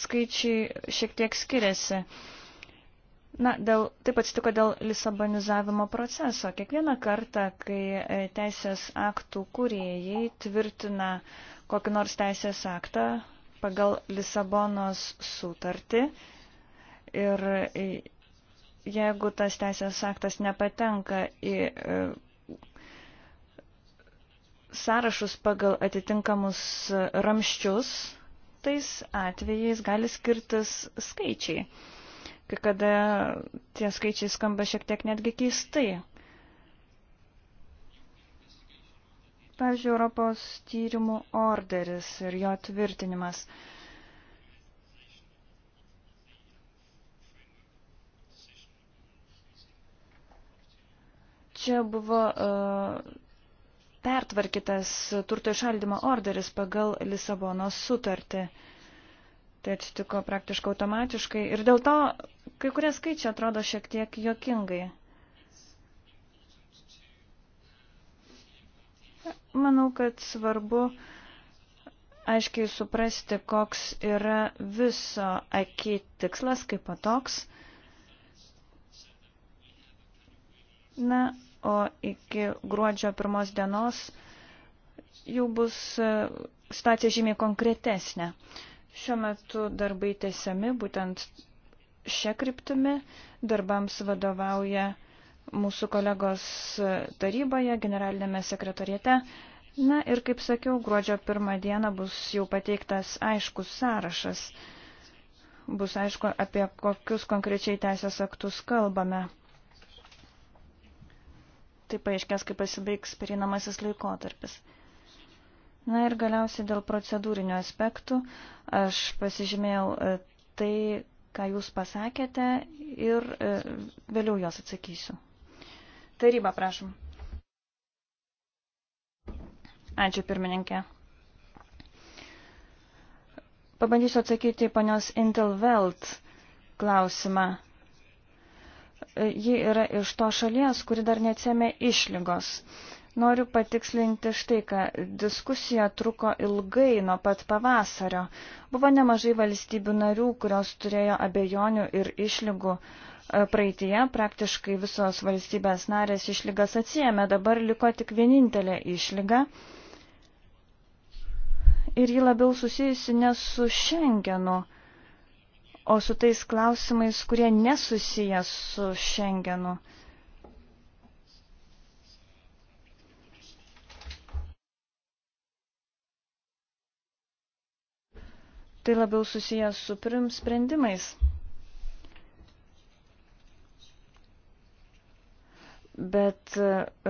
skaičiai šiek tiek skiriasi? Na, dėl, taip atsitiko dėl lisabonizavimo proceso. Kiekvieną kartą, kai e, teisės aktų kūrėjai tvirtina kokį nors teisės aktą pagal Lisabonos sutartį ir e, jeigu tas teisės aktas nepatenka į e, sąrašus pagal atitinkamus ramščius, tais atvejais gali skirtis skaičiai kai kada tie skaičiai skamba šiek tiek netgi keistai. Pavyzdžiui, Europos tyrimų orderis ir jo tvirtinimas. Čia buvo uh, pertvarkytas turto išaldymo orderis pagal Lisabonos sutartį. Tai atsitiko praktiškai automatiškai ir dėl to Kai kurie skaičiai atrodo šiek tiek jokingai. Manau, kad svarbu aiškiai suprasti, koks yra viso aki tikslas kaip patoks. Na, o iki gruodžio pirmos dienos jau bus e, situacija žymiai konkretesnė. Šiuo metu darbai tesiami, būtent šią kryptimį. Darbams vadovauja mūsų kolegos taryboje, generalinėme sekretoriete. Na ir, kaip sakiau, gruodžio pirmą dieną bus jau pateiktas aiškus sąrašas. Bus aišku, apie kokius konkrečiai teisės aktus kalbame. Tai paaiškės, kai pasibaigs perinamasis laikotarpis. Na ir galiausiai dėl procedūrinių aspektų aš pasižymėjau e, tai, ką jūs pasakėte ir e, vėliau jos atsakysiu. Taryba, prašom. Ačiū, pirmininkė. Pabandysiu atsakyti panios Intelvelt klausimą. E, ji yra iš to šalies, kuri dar neatsėmė išlygos. Noriu patikslinti štai, kad diskusija truko ilgai nuo pat pavasario. Buvo nemažai valstybių narių, kurios turėjo abejonių ir išlygų. E, praeitie praktiškai visos valstybės narės išlygas atsijėmė, dabar liko tik vienintelė išlyga. Ir ji labiau susijusi ne su Šengenu, o su tais klausimais, kurie nesusiję su Šengenu. Uh, Tai labiau susijęs su prim sprendimais. Bet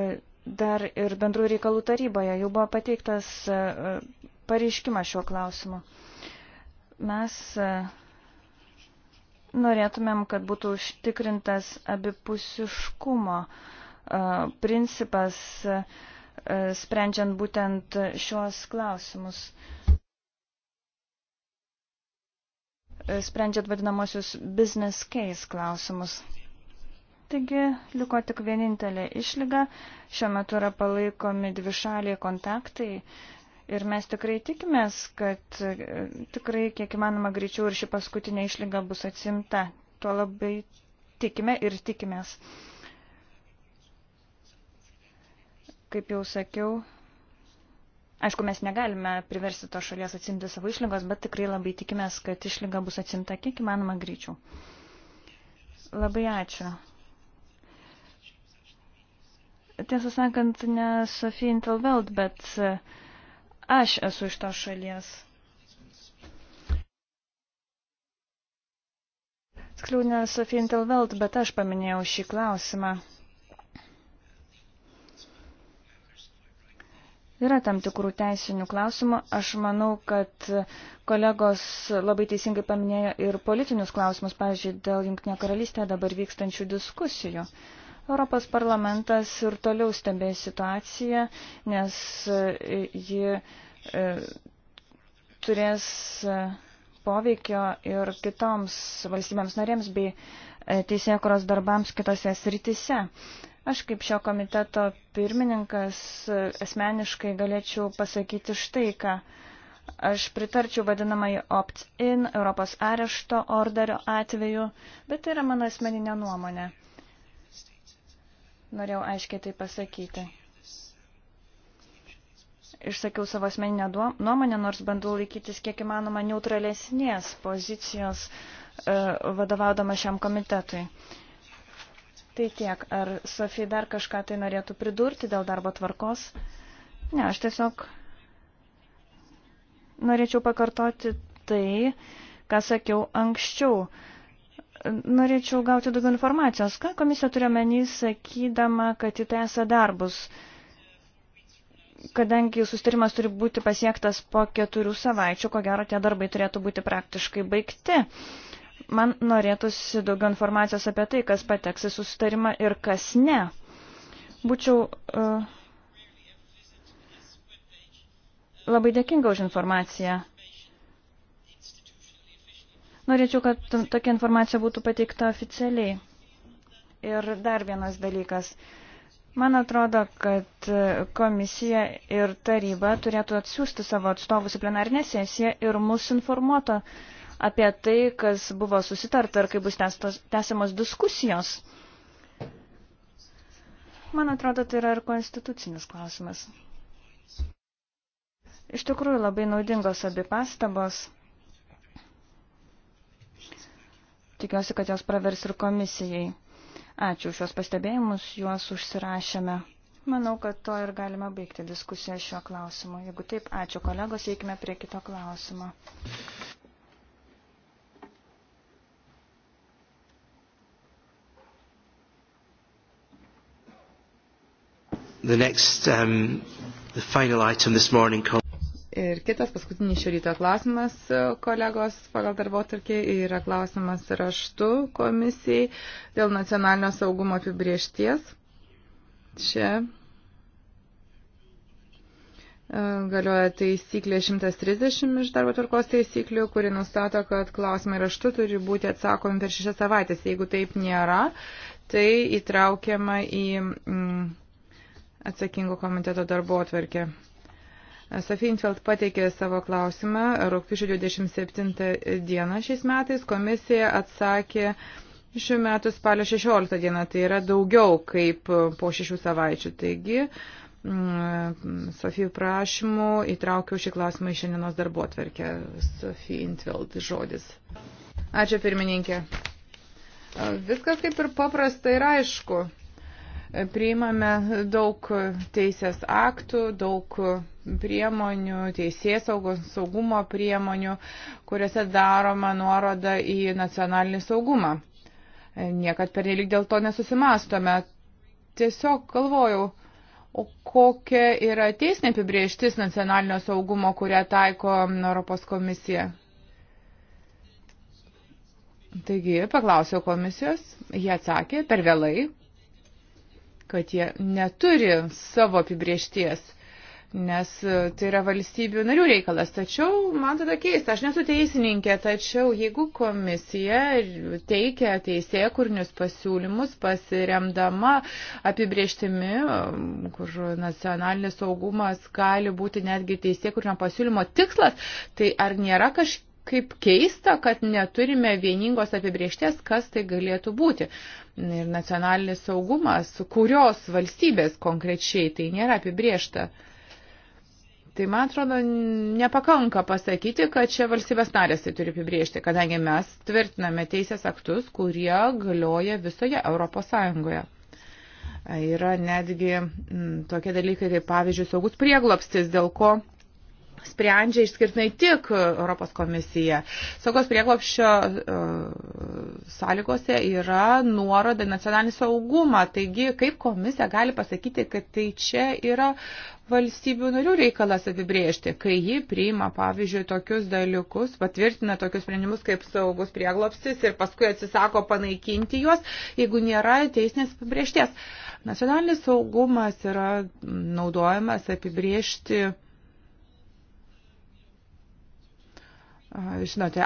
e, dar ir bendrų reikalų taryboje jau buvo pateiktas e, pareiškimas šiuo klausimu. Mes e, norėtumėm, kad būtų užtikrintas abipusiškumo principas, sprendžiant būtent šios klausimus. E, sprendžiant vadinamosius business case klausimus. Taigi liko tik vienintelė išlyga, šiuo metu yra palaikomi dvišaliai kontaktai ir mes tikrai tikimės, kad e, tikrai kiek įmanoma greičiau ir ši paskutinė išlyga bus atsimta. Tuo labai tikime ir tikimės. Kaip jau sakiau, Aišku, mes negalime priversti to šalies atsimti savo išlygos, bet tikrai labai tikimės, kad išlyga bus atsimta kiek įmanoma greičiau. Labai ačiū. Tiesą sakant, ne Sofija Intelveld, bet e, aš esu iš tos šalies. Tiksliau, ne Sofija Intelveld, bet aš paminėjau šį klausimą. Yra tam tikrų teisinių klausimų. Aš manau, kad kolegos labai teisingai paminėjo ir politinius klausimus, pavyzdžiui, dėl Junktinė karalystė dabar vykstančių diskusijų. Europos parlamentas ir toliau stebės situaciją, nes e, ji e, turės e, poveikio ir kitoms valstybėms narėms bei teisėkuros darbams kitose sritise. Aš kaip šio komiteto pirmininkas e, asmeniškai galėčiau pasakyti štai ką. Aš pritarčiau vadinamai opt-in Europos arešto orderio atveju, bet tai yra mano asmeninė nuomonė. Norėjau aiškiai tai pasakyti. Išsakiau savo asmeninę nuomonę, nors bandau laikytis kiek įmanoma neutralesnės pozicijos e, vadovaudama šiam komitetui. Uh, Tai tiek. Ar Sofija dar kažką tai norėtų pridurti dėl darbo tvarkos? Ne, aš tiesiog norėčiau pakartoti tai, ką sakiau anksčiau. Norėčiau gauti daugiau informacijos. Ką komisija turi menį, sakydama, kad į tai esą darbus? Kadangi sustarimas turi būti pasiektas po keturių savaičių, ko gero tie darbai turėtų būti praktiškai baigti. Uh, Man norėtųsi daugiau informacijos apie tai, kas pateks į susitarimą ir kas ne. Būčiau uh, labai dėkinga už informaciją. Norėčiau, kad tokia informacija būtų pateikta oficialiai. Ir dar vienas dalykas. Man atrodo, kad e, komisija ir taryba turėtų atsiųsti savo atstovus į plenarinę sesiją ir mus informuoto uh, apie tai, kas buvo susitarta ir kaip bus tęsiamos diskusijos. Man atrodo, tai yra ir konstitucinis klausimas. Iš tikrųjų labai naudingos abi pastabos. Tikiuosi, kad jos pravers ir komisijai. Ačiū šios pastebėjimus, juos užsirašėme. Manau, kad to ir galima baigti diskusiją šiuo klausimu. Jeigu taip, ačiū kolegos, eikime prie kito klausimo. The next, um, the final item this morning Ir kitas paskutinis šio ryto klausimas, e, kolegos, pagal darbo tarkį yra klausimas raštu komisijai dėl nacionalinio saugumo apibriešties. Čia e, galioja taisyklė 130 iš darbo tvarkos taisyklių, kuri nustato, kad klausimai raštu turi būti atsakomi per šešias savaitės. Jeigu taip nėra, tai įtraukiama į. Mm, atsakingo komiteto darbo atverkė. Safinfeld pateikė savo klausimą rūpiučio 27 dieną šiais metais. Komisija atsakė šiuo metu spalio 16 dieną, tai yra daugiau kaip po šešių savaičių. Taigi, mm, Sofijų prašymų įtraukiau šį klausimą į šiandienos darbo atverkę. Sofija Intveld žodis. Ačiū pirmininkė. Viskas kaip ir paprasta ir aišku priimame daug teisės aktų, daug priemonių, teisės saugos, saugumo priemonių, kuriuose daroma nuoroda į nacionalinį saugumą. Niekad pernelyg dėl to nesusimastome. Tiesiog galvojau, o kokia yra teisinė apibrieštis nacionalinio saugumo, kurią taiko Europos komisija. Taigi, paklausiau komisijos, jie atsakė per vėlai, kad jie neturi savo apibriešties, nes e, tai yra valstybių narių reikalas. Tačiau man tada keista, aš nesu teisininkė, tačiau jeigu komisija teikia teisėje kurnius pasiūlymus pasiremdama apibrieštimi, e, kur nacionalinis saugumas gali būti netgi teisėje kurnio pasiūlymo tikslas, tai ar nėra kažkiek kaip keista, kad neturime vieningos apibriešties, kas tai galėtų būti. Ir nacionalinis saugumas, kurios valstybės konkrečiai tai nėra apibriešta. Tai man atrodo, nepakanka pasakyti, kad čia valstybės narės tai turi apibriežti, kadangi mes tvirtiname teisės aktus, kurie galioja visoje Europos Sąjungoje. Yra netgi m, mm, tokie dalykai, kaip pavyzdžiui, saugus prieglopstis, dėl ko sprendžia išskirtinai tik Europos komisija. Saugos prieglopščio e, sąlygose yra nuoroda nacionalinį saugumą. Taigi, kaip komisija gali pasakyti, kad tai čia yra valstybių narių reikalas apibriežti, kai ji priima, pavyzdžiui, tokius dalykus, patvirtina tokius sprendimus kaip saugus prieglopsis ir paskui atsisako panaikinti juos, jeigu nėra teisinės apibriešties. Nacionalinis saugumas yra naudojamas apibriežti žinote,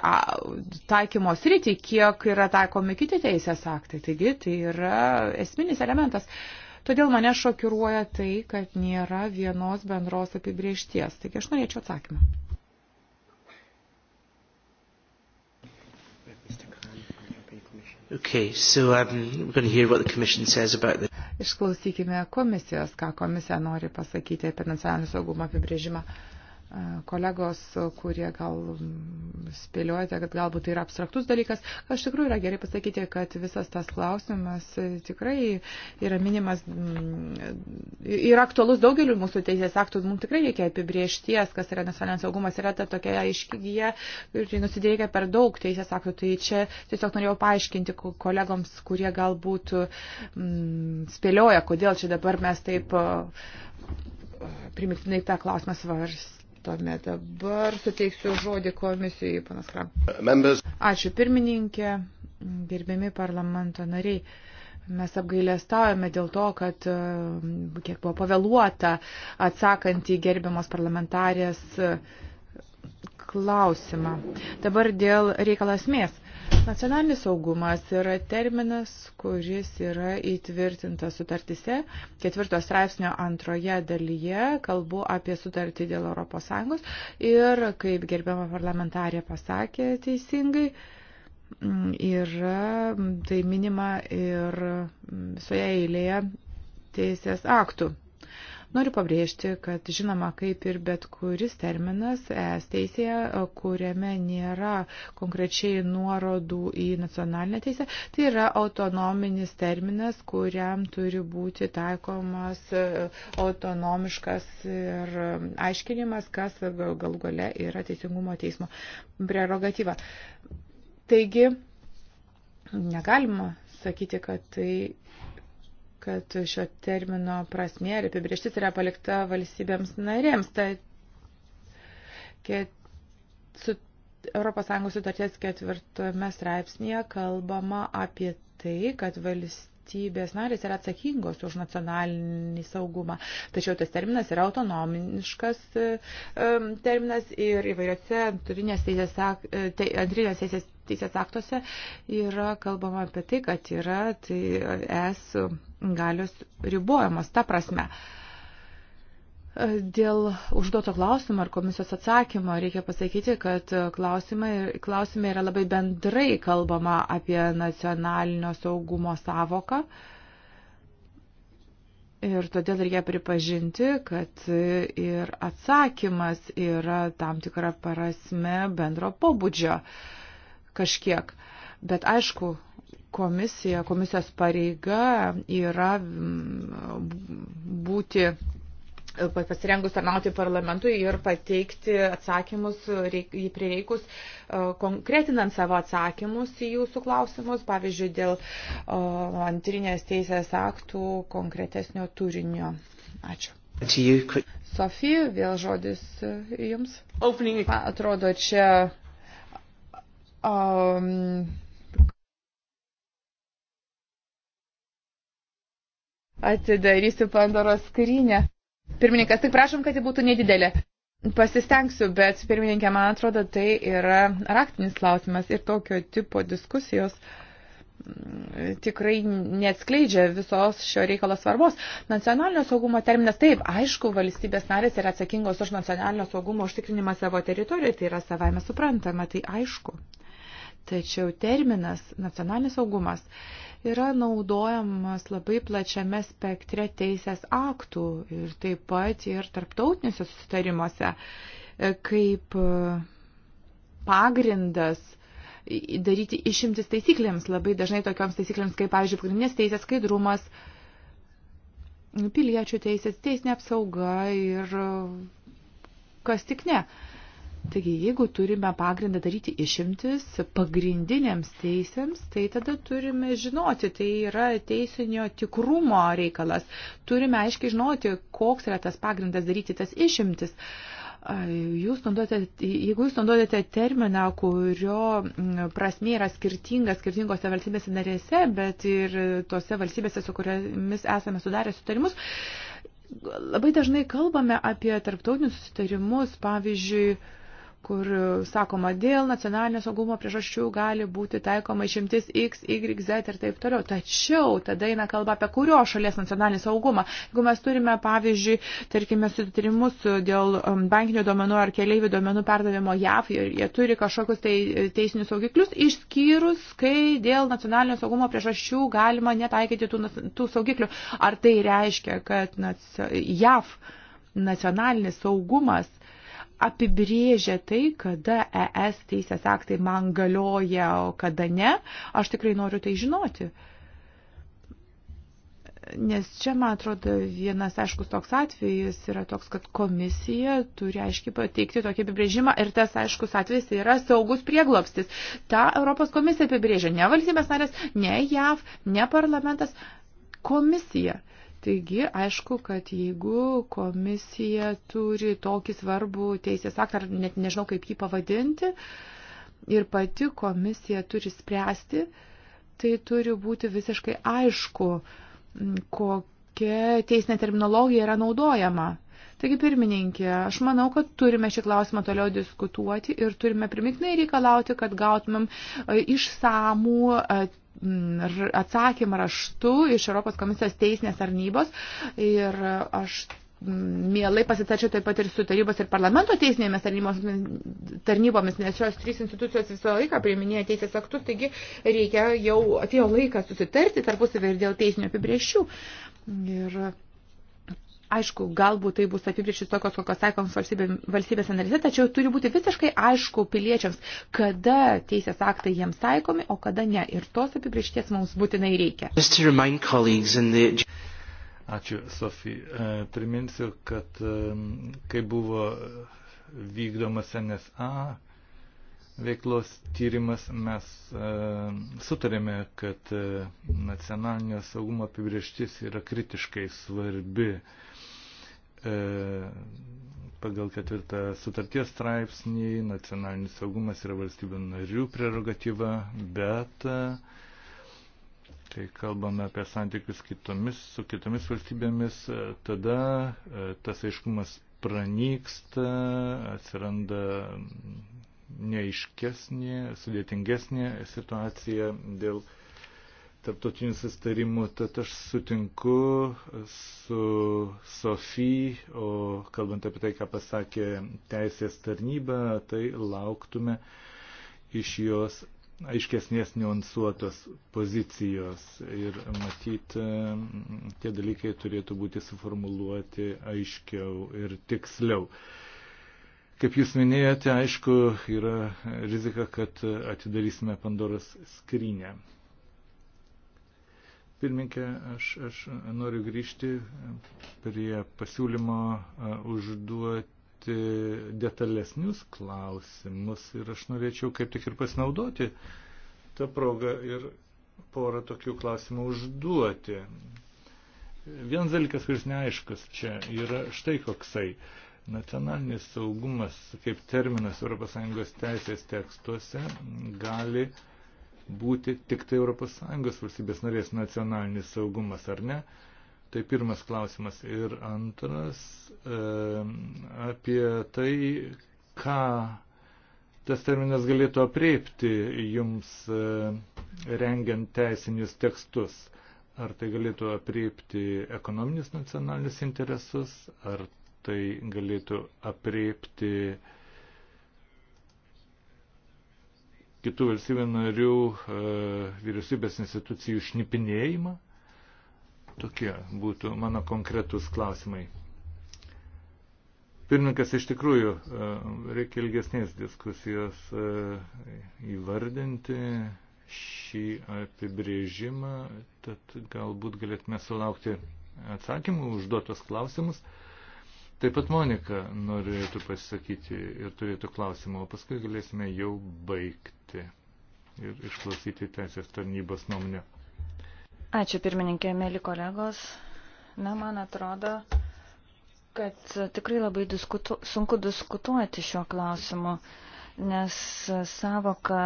taikymo sritį, kiek yra taikomi kiti teisės aktai. Taigi tai yra esminis elementas. Todėl mane šokiruoja tai, kad nėra vienos bendros apibriešties. Taigi aš norėčiau atsakymą. Okay, so um, we're going to hear what the Commission says about this. Išklausykime komisijos, ką komisija nori pasakyti apie nacionalinį saugumą apibrėžimą. Uh, kolegos, kurie gal spėliojate, kad galbūt tai yra abstraktus dalykas. Aš tikrųjų yra gerai pasakyti, kad visas tas klausimas tikrai yra minimas, mm, yra aktualus daugeliu mūsų teisės aktų. Mums tikrai reikia apibriešties, kas yra nacionalinis saugumas, yra ta tokia aiški gyja ir nusidėkia per daug teisės aktų. Tai čia tiesiog norėjau paaiškinti kolegoms, kurie galbūt mm, spėlioja, kodėl čia dabar mes taip primiktinai tą klausimą svars matome. Dabar suteiksiu žodį komisijai, panas Kram. Ačiū pirmininkė, gerbiami parlamento nariai. Mes apgailėstavome dėl to, kad e, kiek buvo pavėluota atsakant į gerbiamos parlamentarės e, klausimą. Dabar dėl reikalas mės. Nacionalinis saugumas yra terminas, kuris yra įtvirtintas sutartise. Ketvirto straipsnio antroje dalyje kalbu apie sutartį dėl ES ir, kaip gerbiama parlamentarė pasakė teisingai, yra tai minima ir visoje eilėje teisės aktų. Noriu pabrėžti, kad žinoma, kaip ir bet kuris terminas ES teisėje, kuriame nėra konkrečiai nuorodų į nacionalinę teisę, tai yra autonominis terminas, kuriam turi būti taikomas autonomiškas ir aiškinimas, kas galų gale yra teisingumo teismo prerogatyva. Taigi, negalima sakyti, kad tai kad šio termino prasmė ir apibrieštis yra palikta valstybėms narėms. Tai su ES sutarties ketvirtame straipsnėje kalbama apie tai, kad valstybės valstybės narės yra atsakingos už nacionalinį saugumą. Tačiau tas terminas yra autonomiškas e, e, terminas ir įvairiose antrinės teisės, e, te, antrinės teisės, teisės aktuose yra kalbama apie tai, kad yra tai es galios ribojamos. Ta prasme. Uh, Dėl užduoto klausimo ar komisijos atsakymo reikia pasakyti, kad klausime, klausime yra labai bendrai kalbama apie nacionalinio saugumo savoką. Ir todėl reikia pripažinti, kad ir atsakymas yra tam tikra prasme bendro pobūdžio kažkiek. Bet aišku, komisija, komisijos pareiga yra mm, būti pasirengus tarnauti parlamentui ir pateikti atsakymus, jį prireikus, e, konkretinant savo atsakymus į jūsų klausimus, pavyzdžiui, dėl e, antrinės teisės aktų konkretesnio turinio. Ačiū. Sofija, vėl žodis e, jums. Opening. Atrodo, čia. Um, atidarysiu Pandoros skrinę. Pirmininkas, tik prašom, kad ji būtų nedidelė. Pasistengsiu, bet pirmininkė, man atrodo, tai yra raktinis klausimas ir tokio tipo diskusijos mm, tikrai neatskleidžia visos šio reikalo svarbos. Nacionalinio saugumo terminas taip, aišku, valstybės narės yra atsakingos už nacionalinio saugumo užtikrinimą savo teritorijoje, tai yra savaime suprantama, tai aišku. Tačiau terminas nacionalinis saugumas yra naudojamas labai plačiame spektre teisės aktų ir taip pat ir tarptautiniuose sustarimuose e, kaip e, pagrindas daryti išimtis taisyklėms, labai dažnai tokioms taisyklėms, kaip, pavyzdžiui, pagrindinės teisės skaidrumas, piliečių teisės, teisinė apsauga ir e, kas tik ne. Taigi, jeigu turime pagrindą daryti išimtis pagrindinėms teisėms, tai tada turime žinoti, tai yra teisinio tikrumo reikalas. Turime aiškiai žinoti, koks yra tas pagrindas daryti tas išimtis. Jūs naudojate, jeigu jūs naudojate terminą, kurio prasme yra skirtinga skirtingose valstybėse narėse, bet ir tose valstybėse, su kuriamis esame sudarę sutarimus, labai dažnai kalbame apie tarptautinius sutarimus, pavyzdžiui, kur e, sakoma, dėl nacionalinio saugumo priežasčių gali būti taikoma išimtis X, Y, Z ir taip toliau. Tačiau tada eina kalba apie kurio šalies nacionalinį saugumą. Jeigu mes turime, pavyzdžiui, tarkime, sutarimus dėl bankinių duomenų ar keliaivių duomenų perdavimo JAV ir jie turi kažkokius tai teisinius saugiklius, išskyrus, kai dėl nacionalinio saugumo priežasčių galima netaikyti tų, tų saugiklių. Ar tai reiškia, kad JAV nacionalinis saugumas apibrėžia tai, kada ES teisės aktai man galioja, o kada ne, aš tikrai noriu tai žinoti. Nes čia, man atrodo, vienas aiškus toks atvejis yra toks, kad komisija turi aiškiai pateikti tokį apibrėžimą ir tas aiškus atvejis yra saugus prieglopstis. Ta Europos komisija apibrėžia ne valstybės narės, ne JAV, ne parlamentas, komisija. Uh, Taigi, aišku, kad jeigu komisija turi tokį svarbų teisės aktą, ar net nežinau, kaip jį pavadinti, ir pati komisija turi spręsti, tai turi būti visiškai aišku, kokia teisinė terminologija yra naudojama. Taigi, pirmininkė, aš manau, kad turime šį klausimą toliau diskutuoti ir turime primiknai reikalauti, kad gautumėm e, išsamų e, atsakymą raštu iš Europos komisijos teisinės tarnybos. Ir aš mielai pasitačiau taip pat ir su tarybos ir parlamento teisinėmis tarnybomis, nes šios trys institucijos visą laiką priiminėja teisės aktus, taigi reikia jau atėjo laikas susitarti tarpusavį ir dėl teisinio apibriešių. Ir Aišku, galbūt tai bus apibriešis tokios, kokios taikoms valstybė, valstybės analizė, tačiau turi būti visiškai aišku piliečiams, kada teisės aktai jiems taikomi, o kada ne. Ir tos apibriešties mums būtinai reikia. Ačiū, Sofija. E, priminsiu, kad e, kai buvo vykdomas NSA veiklos tyrimas mes e, sutarėme, kad e, nacionalinio saugumo apibrieštis yra kritiškai svarbi. E, E, pagal ketvirtą sutarties straipsnį nacionalinis saugumas yra valstybių narių prerogatyva, bet e, kai kalbame apie santykius kitomis, su kitomis valstybėmis, e, tada tas aiškumas pranyksta, atsiranda neaiškesnė, sudėtingesnė situacija dėl tarptautinių sustarimų, tad aš sutinku su Sofija, o kalbant apie tai, ką pasakė teisės tarnyba, tai lauktume iš jos aiškesnės niuansuotos pozicijos ir matyt, tie dalykai turėtų būti suformuluoti aiškiau ir tiksliau. Kaip jūs minėjote, aišku, yra rizika, kad atidarysime Pandoros skrynę. Pirminkė, aš, aš noriu grįžti prie pasiūlymo užduoti detalesnius klausimus ir aš norėčiau kaip tik ir pasinaudoti tą progą ir porą tokių klausimų užduoti. Vienas dalykas, kuris neaiškus čia, yra štai koksai. Nacionalinis saugumas kaip terminas ES teisės tekstuose gali uh, būti tik tai ES valstybės narės nacionalinis saugumas ar ne. Tai pirmas klausimas. Ir antras e, apie tai, ką tas terminas galėtų apriepti jums e, rengiant teisinius tekstus. Ar tai galėtų apriepti ekonominius nacionalinius interesus, ar tai galėtų apriepti e, kitų valstybių narių e, vyriausybės institucijų šnipinėjimą? Tokie būtų mano konkretus klausimai. Pirmininkas, iš tikrųjų, e, reikia ilgesnės diskusijos e, įvardinti šį apibrėžimą, tad galbūt galėtume sulaukti atsakymų užduotos klausimus. Taip pat Monika norėtų pasisakyti ir turėtų klausimą, o paskui galėsime jau baigti ir išklausyti teisės tarnybos nuomonę. Ačiū pirmininkė, mėly kolegos. Na, man atrodo, kad tikrai labai diskutu, sunku diskutuoti šiuo klausimu, nes savoka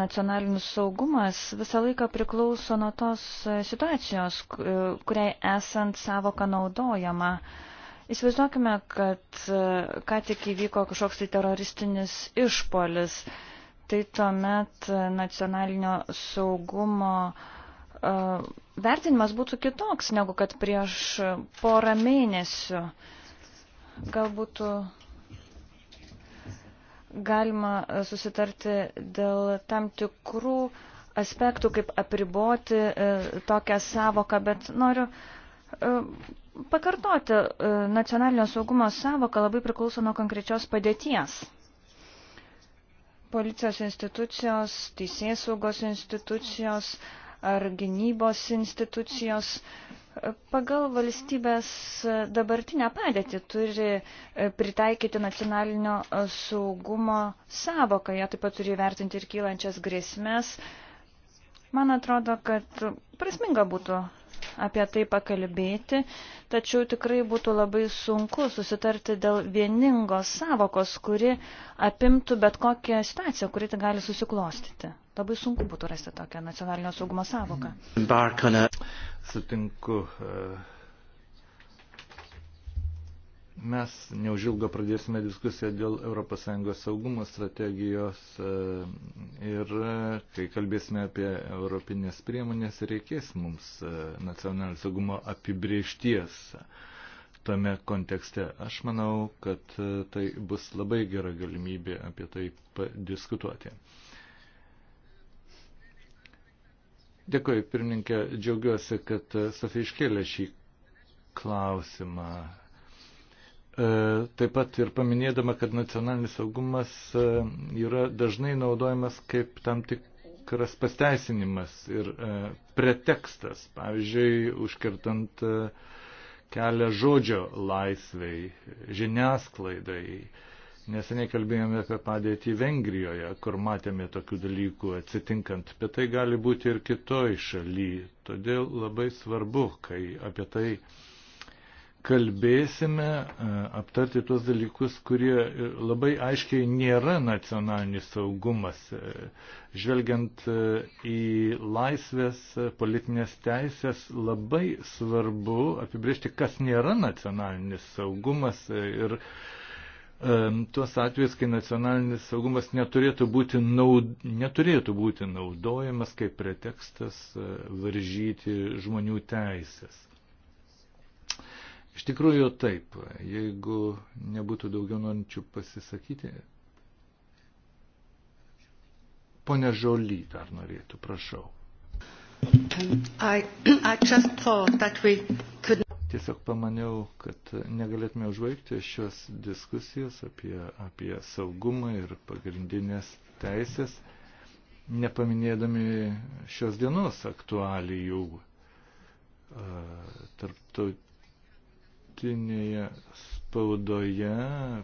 nacionalinis saugumas visą laiką priklauso nuo tos situacijos, kuriai esant savoka naudojama. Įsivaizduokime, kad ką tik įvyko kažkoks tai teroristinis išpolis tai tuomet e, nacionalinio saugumo uh, vertinimas būtų kitoks negu kad prieš porą mėnesių. Galbūt galima e, susitarti dėl tam tikrų aspektų, kaip apriboti uh, tokią savoką, bet noriu uh, pakartoti, nacionalinio saugumo savoka labai priklauso nuo konkrečios padėties policijos institucijos, teisės saugos institucijos ar gynybos institucijos pagal valstybės dabartinę padėtį turi pritaikyti nacionalinio saugumo savoką, jie taip pat turi vertinti ir kylančias grėsmės. Man atrodo, kad prasminga būtų apie tai pakalbėti, tačiau tikrai būtų labai sunku susitarti dėl vieningos savokos, kuri apimtų bet kokią situaciją, kuri tai gali susiklostyti. Labai sunku būtų rasti tokią nacionalinio saugumo savoką. Barkana. Sutinku. Uh Mes neužilgo pradėsime diskusiją dėl ES saugumo strategijos e, ir e, kai kalbėsime apie europinės priemonės, reikės mums e, nacionalinio saugumo apibriešties tame kontekste. Aš manau, kad tai bus labai gera galimybė apie tai padiskutuoti. Dėkuoju, pirmininkė, džiaugiuosi, kad Sofija iškėlė šį klausimą. E, taip pat ir paminėdama, kad nacionalinis saugumas e, yra dažnai naudojamas kaip tam tikras pasteisinimas ir e, pretekstas, pavyzdžiui, užkirtant kelią žodžio laisvai, žiniasklaidai. Neseniai kalbėjome apie padėtį Vengrijoje, kur matėme tokių dalykų atsitinkant, bet tai gali būti ir kitoj šaly. Todėl labai svarbu, kai apie tai uh, kalbėsime, e, aptarti tuos dalykus, kurie labai aiškiai nėra nacionalinis saugumas, e, žvelgiant e, į laisvės, politinės teisės, labai svarbu apibriežti, kas nėra nacionalinis saugumas ir tuos atvejus, kai nacionalinis saugumas neturėtų būti, naud, neturėtų būti naudojamas kaip pretekstas varžyti žmonių teisės. Iš tikrųjų taip, jeigu nebūtų daugiau norinčių pasisakyti. Pone Žoly dar norėtų, prašau. I, I could... Tiesiog pamaniau, kad negalėtume užbaigti šios diskusijos apie, apie saugumą ir pagrindinės teisės, nepaminėdami šios dienos aktualijų tarptautinių tarptautinėje spaudoje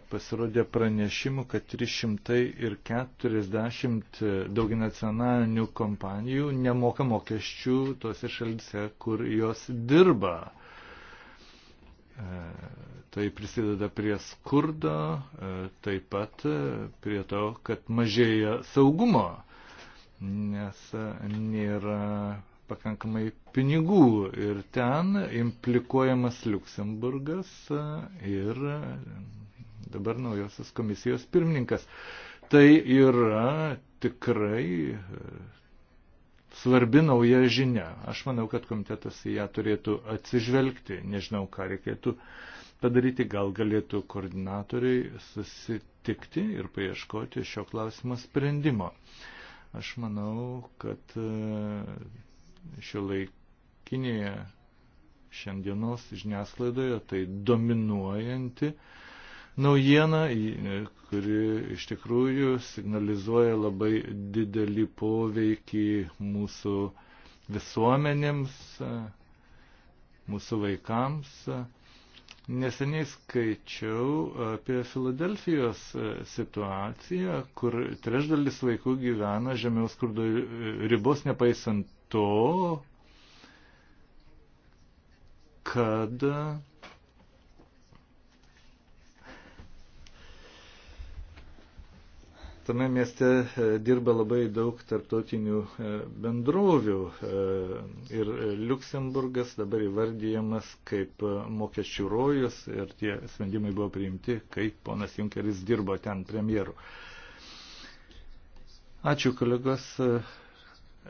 pasirodė pranešimų, kad 340 dauginacionalinių kompanijų nemoka mokesčių tose šalise, kur jos dirba. E, tai prisideda prie skurdo, e, taip pat e, prie to, kad mažėja saugumo, nes nėra pakankamai pinigų ir ten implikuojamas Luksemburgas e, ir dabar naujosios komisijos pirmininkas. Tai yra tikrai e, svarbi nauja žinia. Aš manau, kad komitetas į ją turėtų atsižvelgti. Nežinau, ką reikėtų padaryti, gal galėtų koordinatoriai susitikti ir paieškoti šio klausimo sprendimo. Aš manau, kad e, šio laikinėje šiandienos žiniasklaidoje tai dominuojanti naujiena, kuri iš tikrųjų signalizuoja labai didelį poveikį mūsų visuomenėms, mūsų vaikams. Neseniai skaičiau apie Filadelfijos situaciją, kur trešdalis vaikų gyvena žemiaus skurdo ribos, nepaisant to, kad tame mieste e, dirba labai daug tarptautinių e, bendrovių e, ir Luksemburgas dabar įvardyjamas kaip mokesčių rojus ir tie sprendimai buvo priimti, kai ponas Junkeris dirbo ten premjeru. Ačiū kolegos,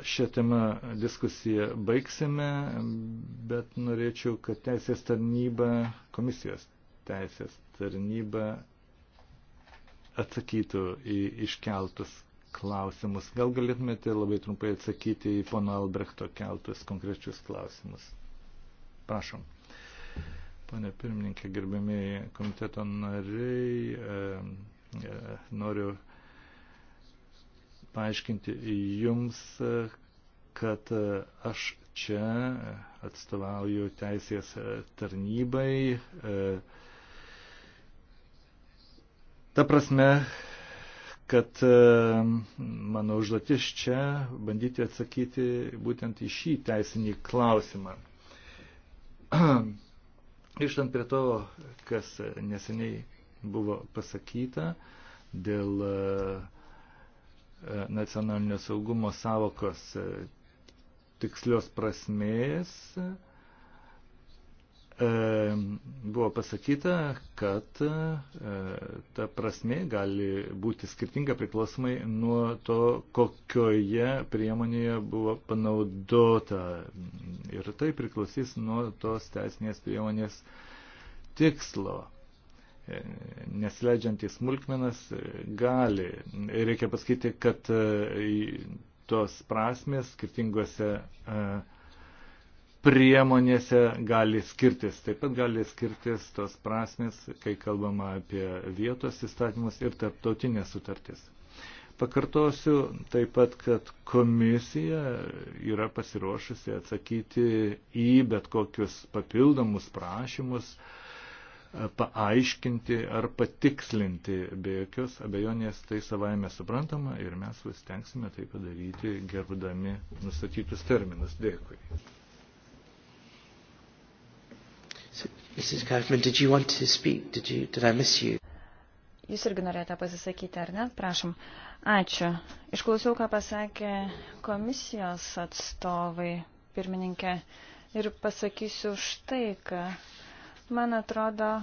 šią temą diskusiją baigsime, bet norėčiau, kad teisės tarnyba, komisijos teisės tarnyba atsakytų į iškeltus klausimus. Gal galėtumėte labai trumpai atsakyti į pono Albrechto keltus konkrečius klausimus? Prašom. Pane pirmininkė, gerbėmiai komiteto nariai, e, e, noriu paaiškinti jums, kad aš čia atstovauju teisės tarnybai. Ta prasme, kad mano užduotis čia bandyti atsakyti būtent į šį teisinį klausimą. Ištant prie to, kas neseniai buvo pasakyta dėl uh, E, nacionalinio saugumo savokos e, tikslios prasmės e, buvo pasakyta, kad ta prasmė gali būti skirtinga priklausomai nuo to, kokioje priemonėje buvo panaudota. Ir tai priklausys nuo tos teisinės priemonės tikslo nesileidžiant į smulkmenas, e, gali. Reikia pasakyti, kad e, tos prasmės skirtingose e, priemonėse gali skirtis. Taip pat gali skirtis tos prasmės, kai kalbama apie vietos įstatymus ir tarptautinės sutartis. Pakartosiu taip pat, kad komisija yra pasiruošusi atsakyti į bet kokius papildomus prašymus, uh, paaiškinti ar patikslinti. Be jokios abejonės tai savaime suprantama ir mes vis tenksime tai padaryti gerbdami nustatytus terminus. Dėkui. Mrs. Kaufman, did you want to speak? Did, you, did I miss you? Jūs irgi norėjote pasisakyti, ar ne? Prašom. Ačiū. Išklausiau, ką pasakė komisijos atstovai, pirmininkė, ir pasakysiu štai, ką. Ka... Man atrodo,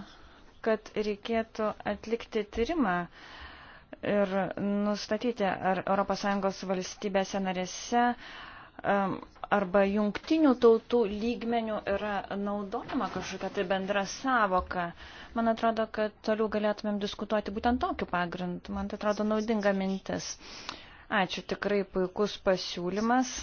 kad reikėtų atlikti tyrimą ir nustatyti, ar ES valstybėse narėse arba jungtinių tautų lygmenių yra naudojama kažkokia tai bendra savoka. Man atrodo, kad toliau galėtumėm diskutuoti būtent tokiu pagrindu. Man tai atrodo naudinga mintis. Ačiū, tikrai puikus pasiūlymas.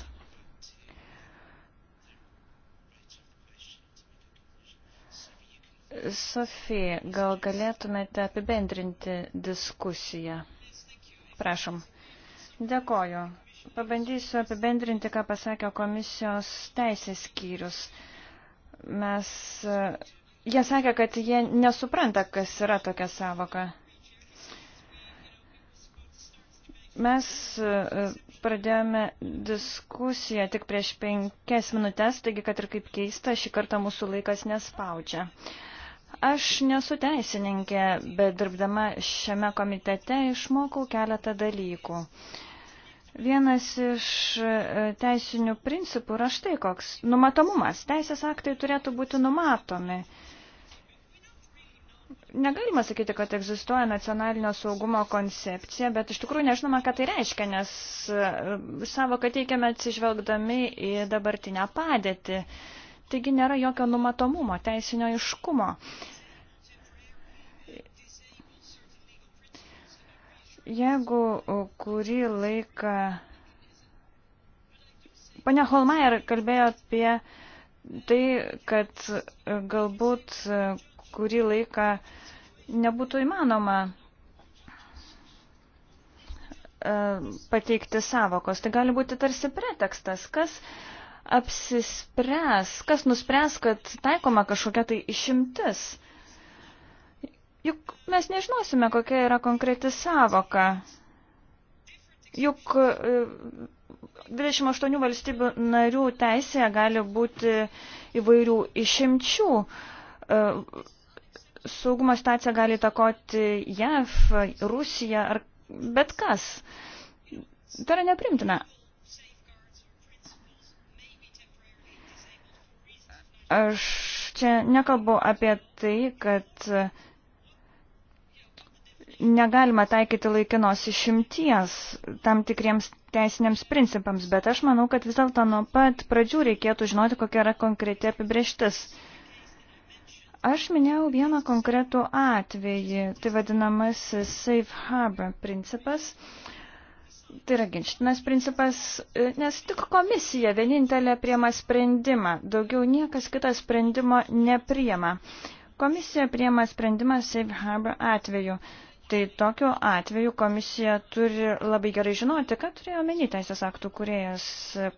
Sofija, gal galėtumėte apibendrinti diskusiją? Prašom. Dėkoju. Pabandysiu apibendrinti, ką pasakė komisijos teisės skyrius. Mes, jie sakė, kad jie nesupranta, kas yra tokia savoka. Mes e, pradėjome diskusiją tik prieš penkias minutės, taigi kad ir kaip keista, šį kartą mūsų laikas nespaudžia. Uh, Aš nesu teisininkė, bet dirbdama šiame komitete išmokau keletą dalykų. Vienas iš e, teisinių principų yra štai koks – numatomumas. Teisės aktai turėtų būti numatomi. Negalima sakyti, kad egzistuoja nacionalinio saugumo koncepcija, bet iš tikrųjų nežinoma, ką tai reiškia, nes e, savo, kad teikiame atsižvelgdami į dabartinę padėtį. Taigi nėra jokio numatomumo, teisinio iškumo. Jeigu kurį laiką. Pane Holmeier kalbėjo apie tai, kad e, galbūt e, kurį laiką nebūtų įmanoma e, pateikti savokos. Tai gali būti tarsi pretekstas, kas apsispręs, kas nuspręs, kad taikoma kažkokia tai išimtis. Juk mes nežinosime, kokia yra konkreti savoka. Juk 28 e, valstybių narių teisėje gali būti įvairių išimčių. E, saugumo stacija gali takoti JAV, Rusija ar bet kas. Tai yra neprimtina. Aš čia nekalbu apie tai, kad negalima taikyti laikinos išimties tam tikriems teisiniams principams, bet aš manau, kad vis dėlto nuo pat pradžių reikėtų žinoti, kokia yra konkreti apibrieštis. Aš minėjau vieną konkretų atvejį, tai vadinamasis safe harbor principas. Uh, tai yra ginčtinas principas, e, nes tik komisija vienintelė priema sprendimą, daugiau niekas kitas sprendimo nepriema. Komisija priema sprendimą Safe Harbor atveju. Tai tokiu atveju komisija turi labai gerai žinoti, ką turėjo meni teisės aktų kuriejas,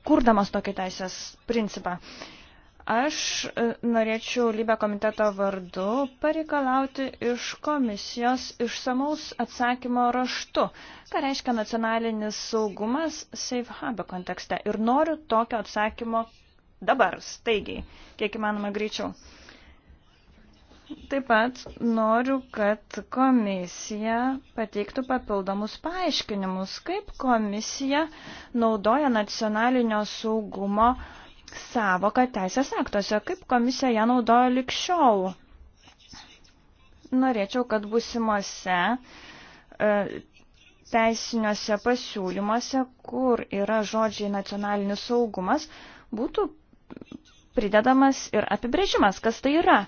kurdamas tokį teisės principą. Uh, Aš e, norėčiau Lybę komiteto vardu pareikalauti iš komisijos išsamaus atsakymo raštu, ką reiškia nacionalinis saugumas Safe Hub kontekste. Ir noriu tokio atsakymo dabar, staigiai, kiek įmanoma greičiau. Taip pat noriu, kad komisija pateiktų papildomus paaiškinimus, kaip komisija naudoja nacionalinio saugumo uh, savoką teisės aktuose, kaip komisija ją naudoja likščiau. Norėčiau, kad busimuose e, teisiniuose pasiūlymuose, kur yra žodžiai nacionalinis saugumas, būtų pridedamas ir apibrėžimas, kas tai yra.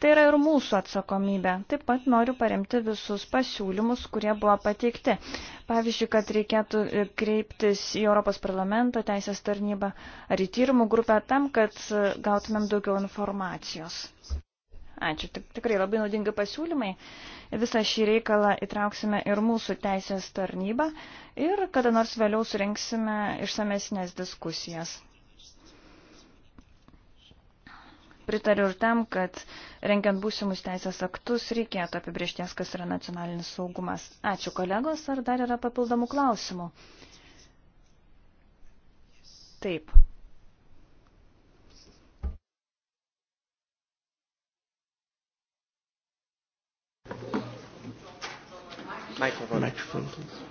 Tai yra ir mūsų atsakomybė. Taip pat noriu paremti visus pasiūlymus, kurie buvo pateikti. Pavyzdžiui, kad reikėtų e, kreiptis į Europos parlamento teisės tarnybą ar į tyrimų grupę tam, kad e, gautumėm daugiau informacijos. Ačiū, tik, tikrai labai naudingi pasiūlymai. Visą šį reikalą įtrauksime ir mūsų teisės tarnybą ir kada nors vėliau surinksime išsamesnės diskusijas. Pritariu ir tam, kad renkiant būsimus teisės aktus reikėtų apibriešties, kas yra nacionalinis saugumas. Ačiū kolegos, ar dar yra papildomų klausimų? Taip. Microphone. Microphone, please.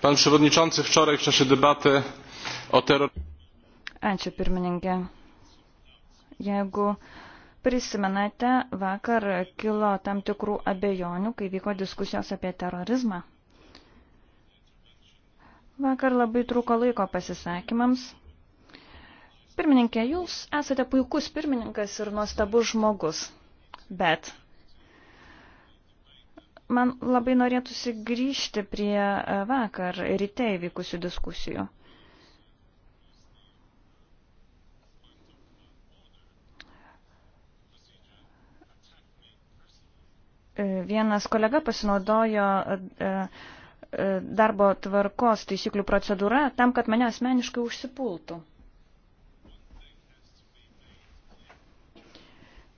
pan przewodniczący wczoraj w czasie debaty o teror... Ačiū pirmininkė. Jeigu prisimenate, vakar kilo tam tikrų abejonių, kai vyko diskusijos apie terorizmą. Vakar labai trūko laiko pasisakymams. Pirmininkė, jūs esate puikus pirmininkas ir nuostabus žmogus, bet man labai norėtųsi grįžti prie vakar ryte įvykusių diskusijų. Vienas kolega pasinaudojo e, e, darbo tvarkos taisyklių procedūra tam, kad mane asmeniškai užsipultų.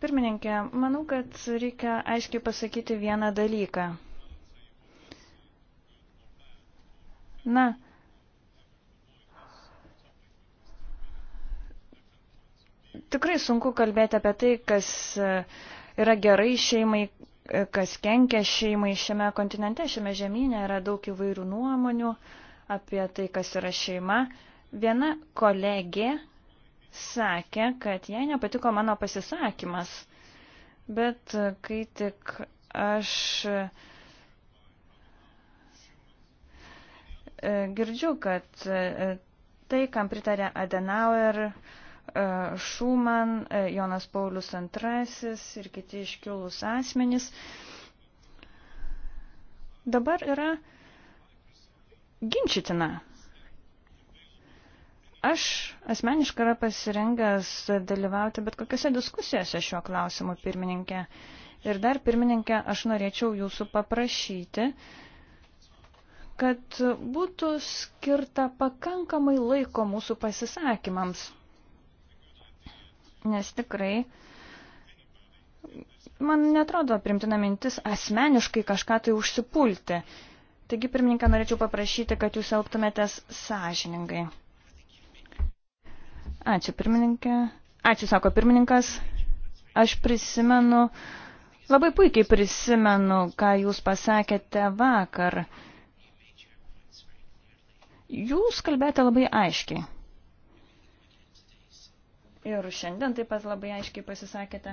Pirmininkė, manau, kad reikia aiškiai pasakyti vieną dalyką. Na, tikrai sunku kalbėti apie tai, kas yra gerai šeimai, kas kenkia šeimai šiame kontinente, šiame žemynė, yra daug įvairių nuomonių apie tai, kas yra šeima. Viena kolegė sakė, kad jai nepatiko mano pasisakymas, bet kai tik aš e, girdžiu, kad e, tai, kam pritarė Adenauer, E, Šuman, e, Jonas Paulius II ir kiti iškilus asmenys. Dabar yra ginčitina. Aš asmeniškai yra pasirengęs dalyvauti bet kokiuose diskusijose šiuo klausimu, pirmininkė. Ir dar, pirmininkė, aš norėčiau jūsų paprašyti, kad būtų skirta pakankamai laiko mūsų pasisakymams nes tikrai man netrodo primtina mintis asmeniškai kažką tai užsipulti. Taigi, pirmininką, norėčiau paprašyti, kad jūs elgtumėtės sąžiningai. Ačiū, pirmininkė. Ačiū, sako pirmininkas. Aš prisimenu, labai puikiai prisimenu, ką jūs pasakėte vakar. Jūs kalbėjote labai aiškiai ir šiandien taip pat labai aiškiai pasisakėte.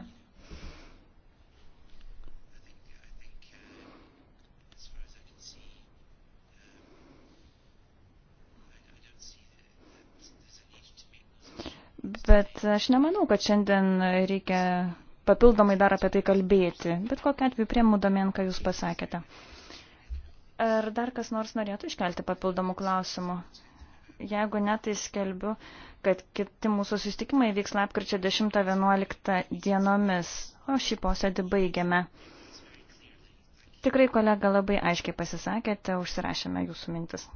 Bet aš nemanau, kad šiandien reikia papildomai dar apie tai kalbėti. Bet kokią atveju priemų domen, ką jūs pasakėte. Ar dar kas nors norėtų iškelti papildomų klausimų? Jeigu netai skelbiu kad kiti mūsų susitikimai vyks lapkričio 10-11 dienomis, o šį posėdį baigiame. Tikrai kolega labai aiškiai pasisakėte, užsirašėme jūsų mintis.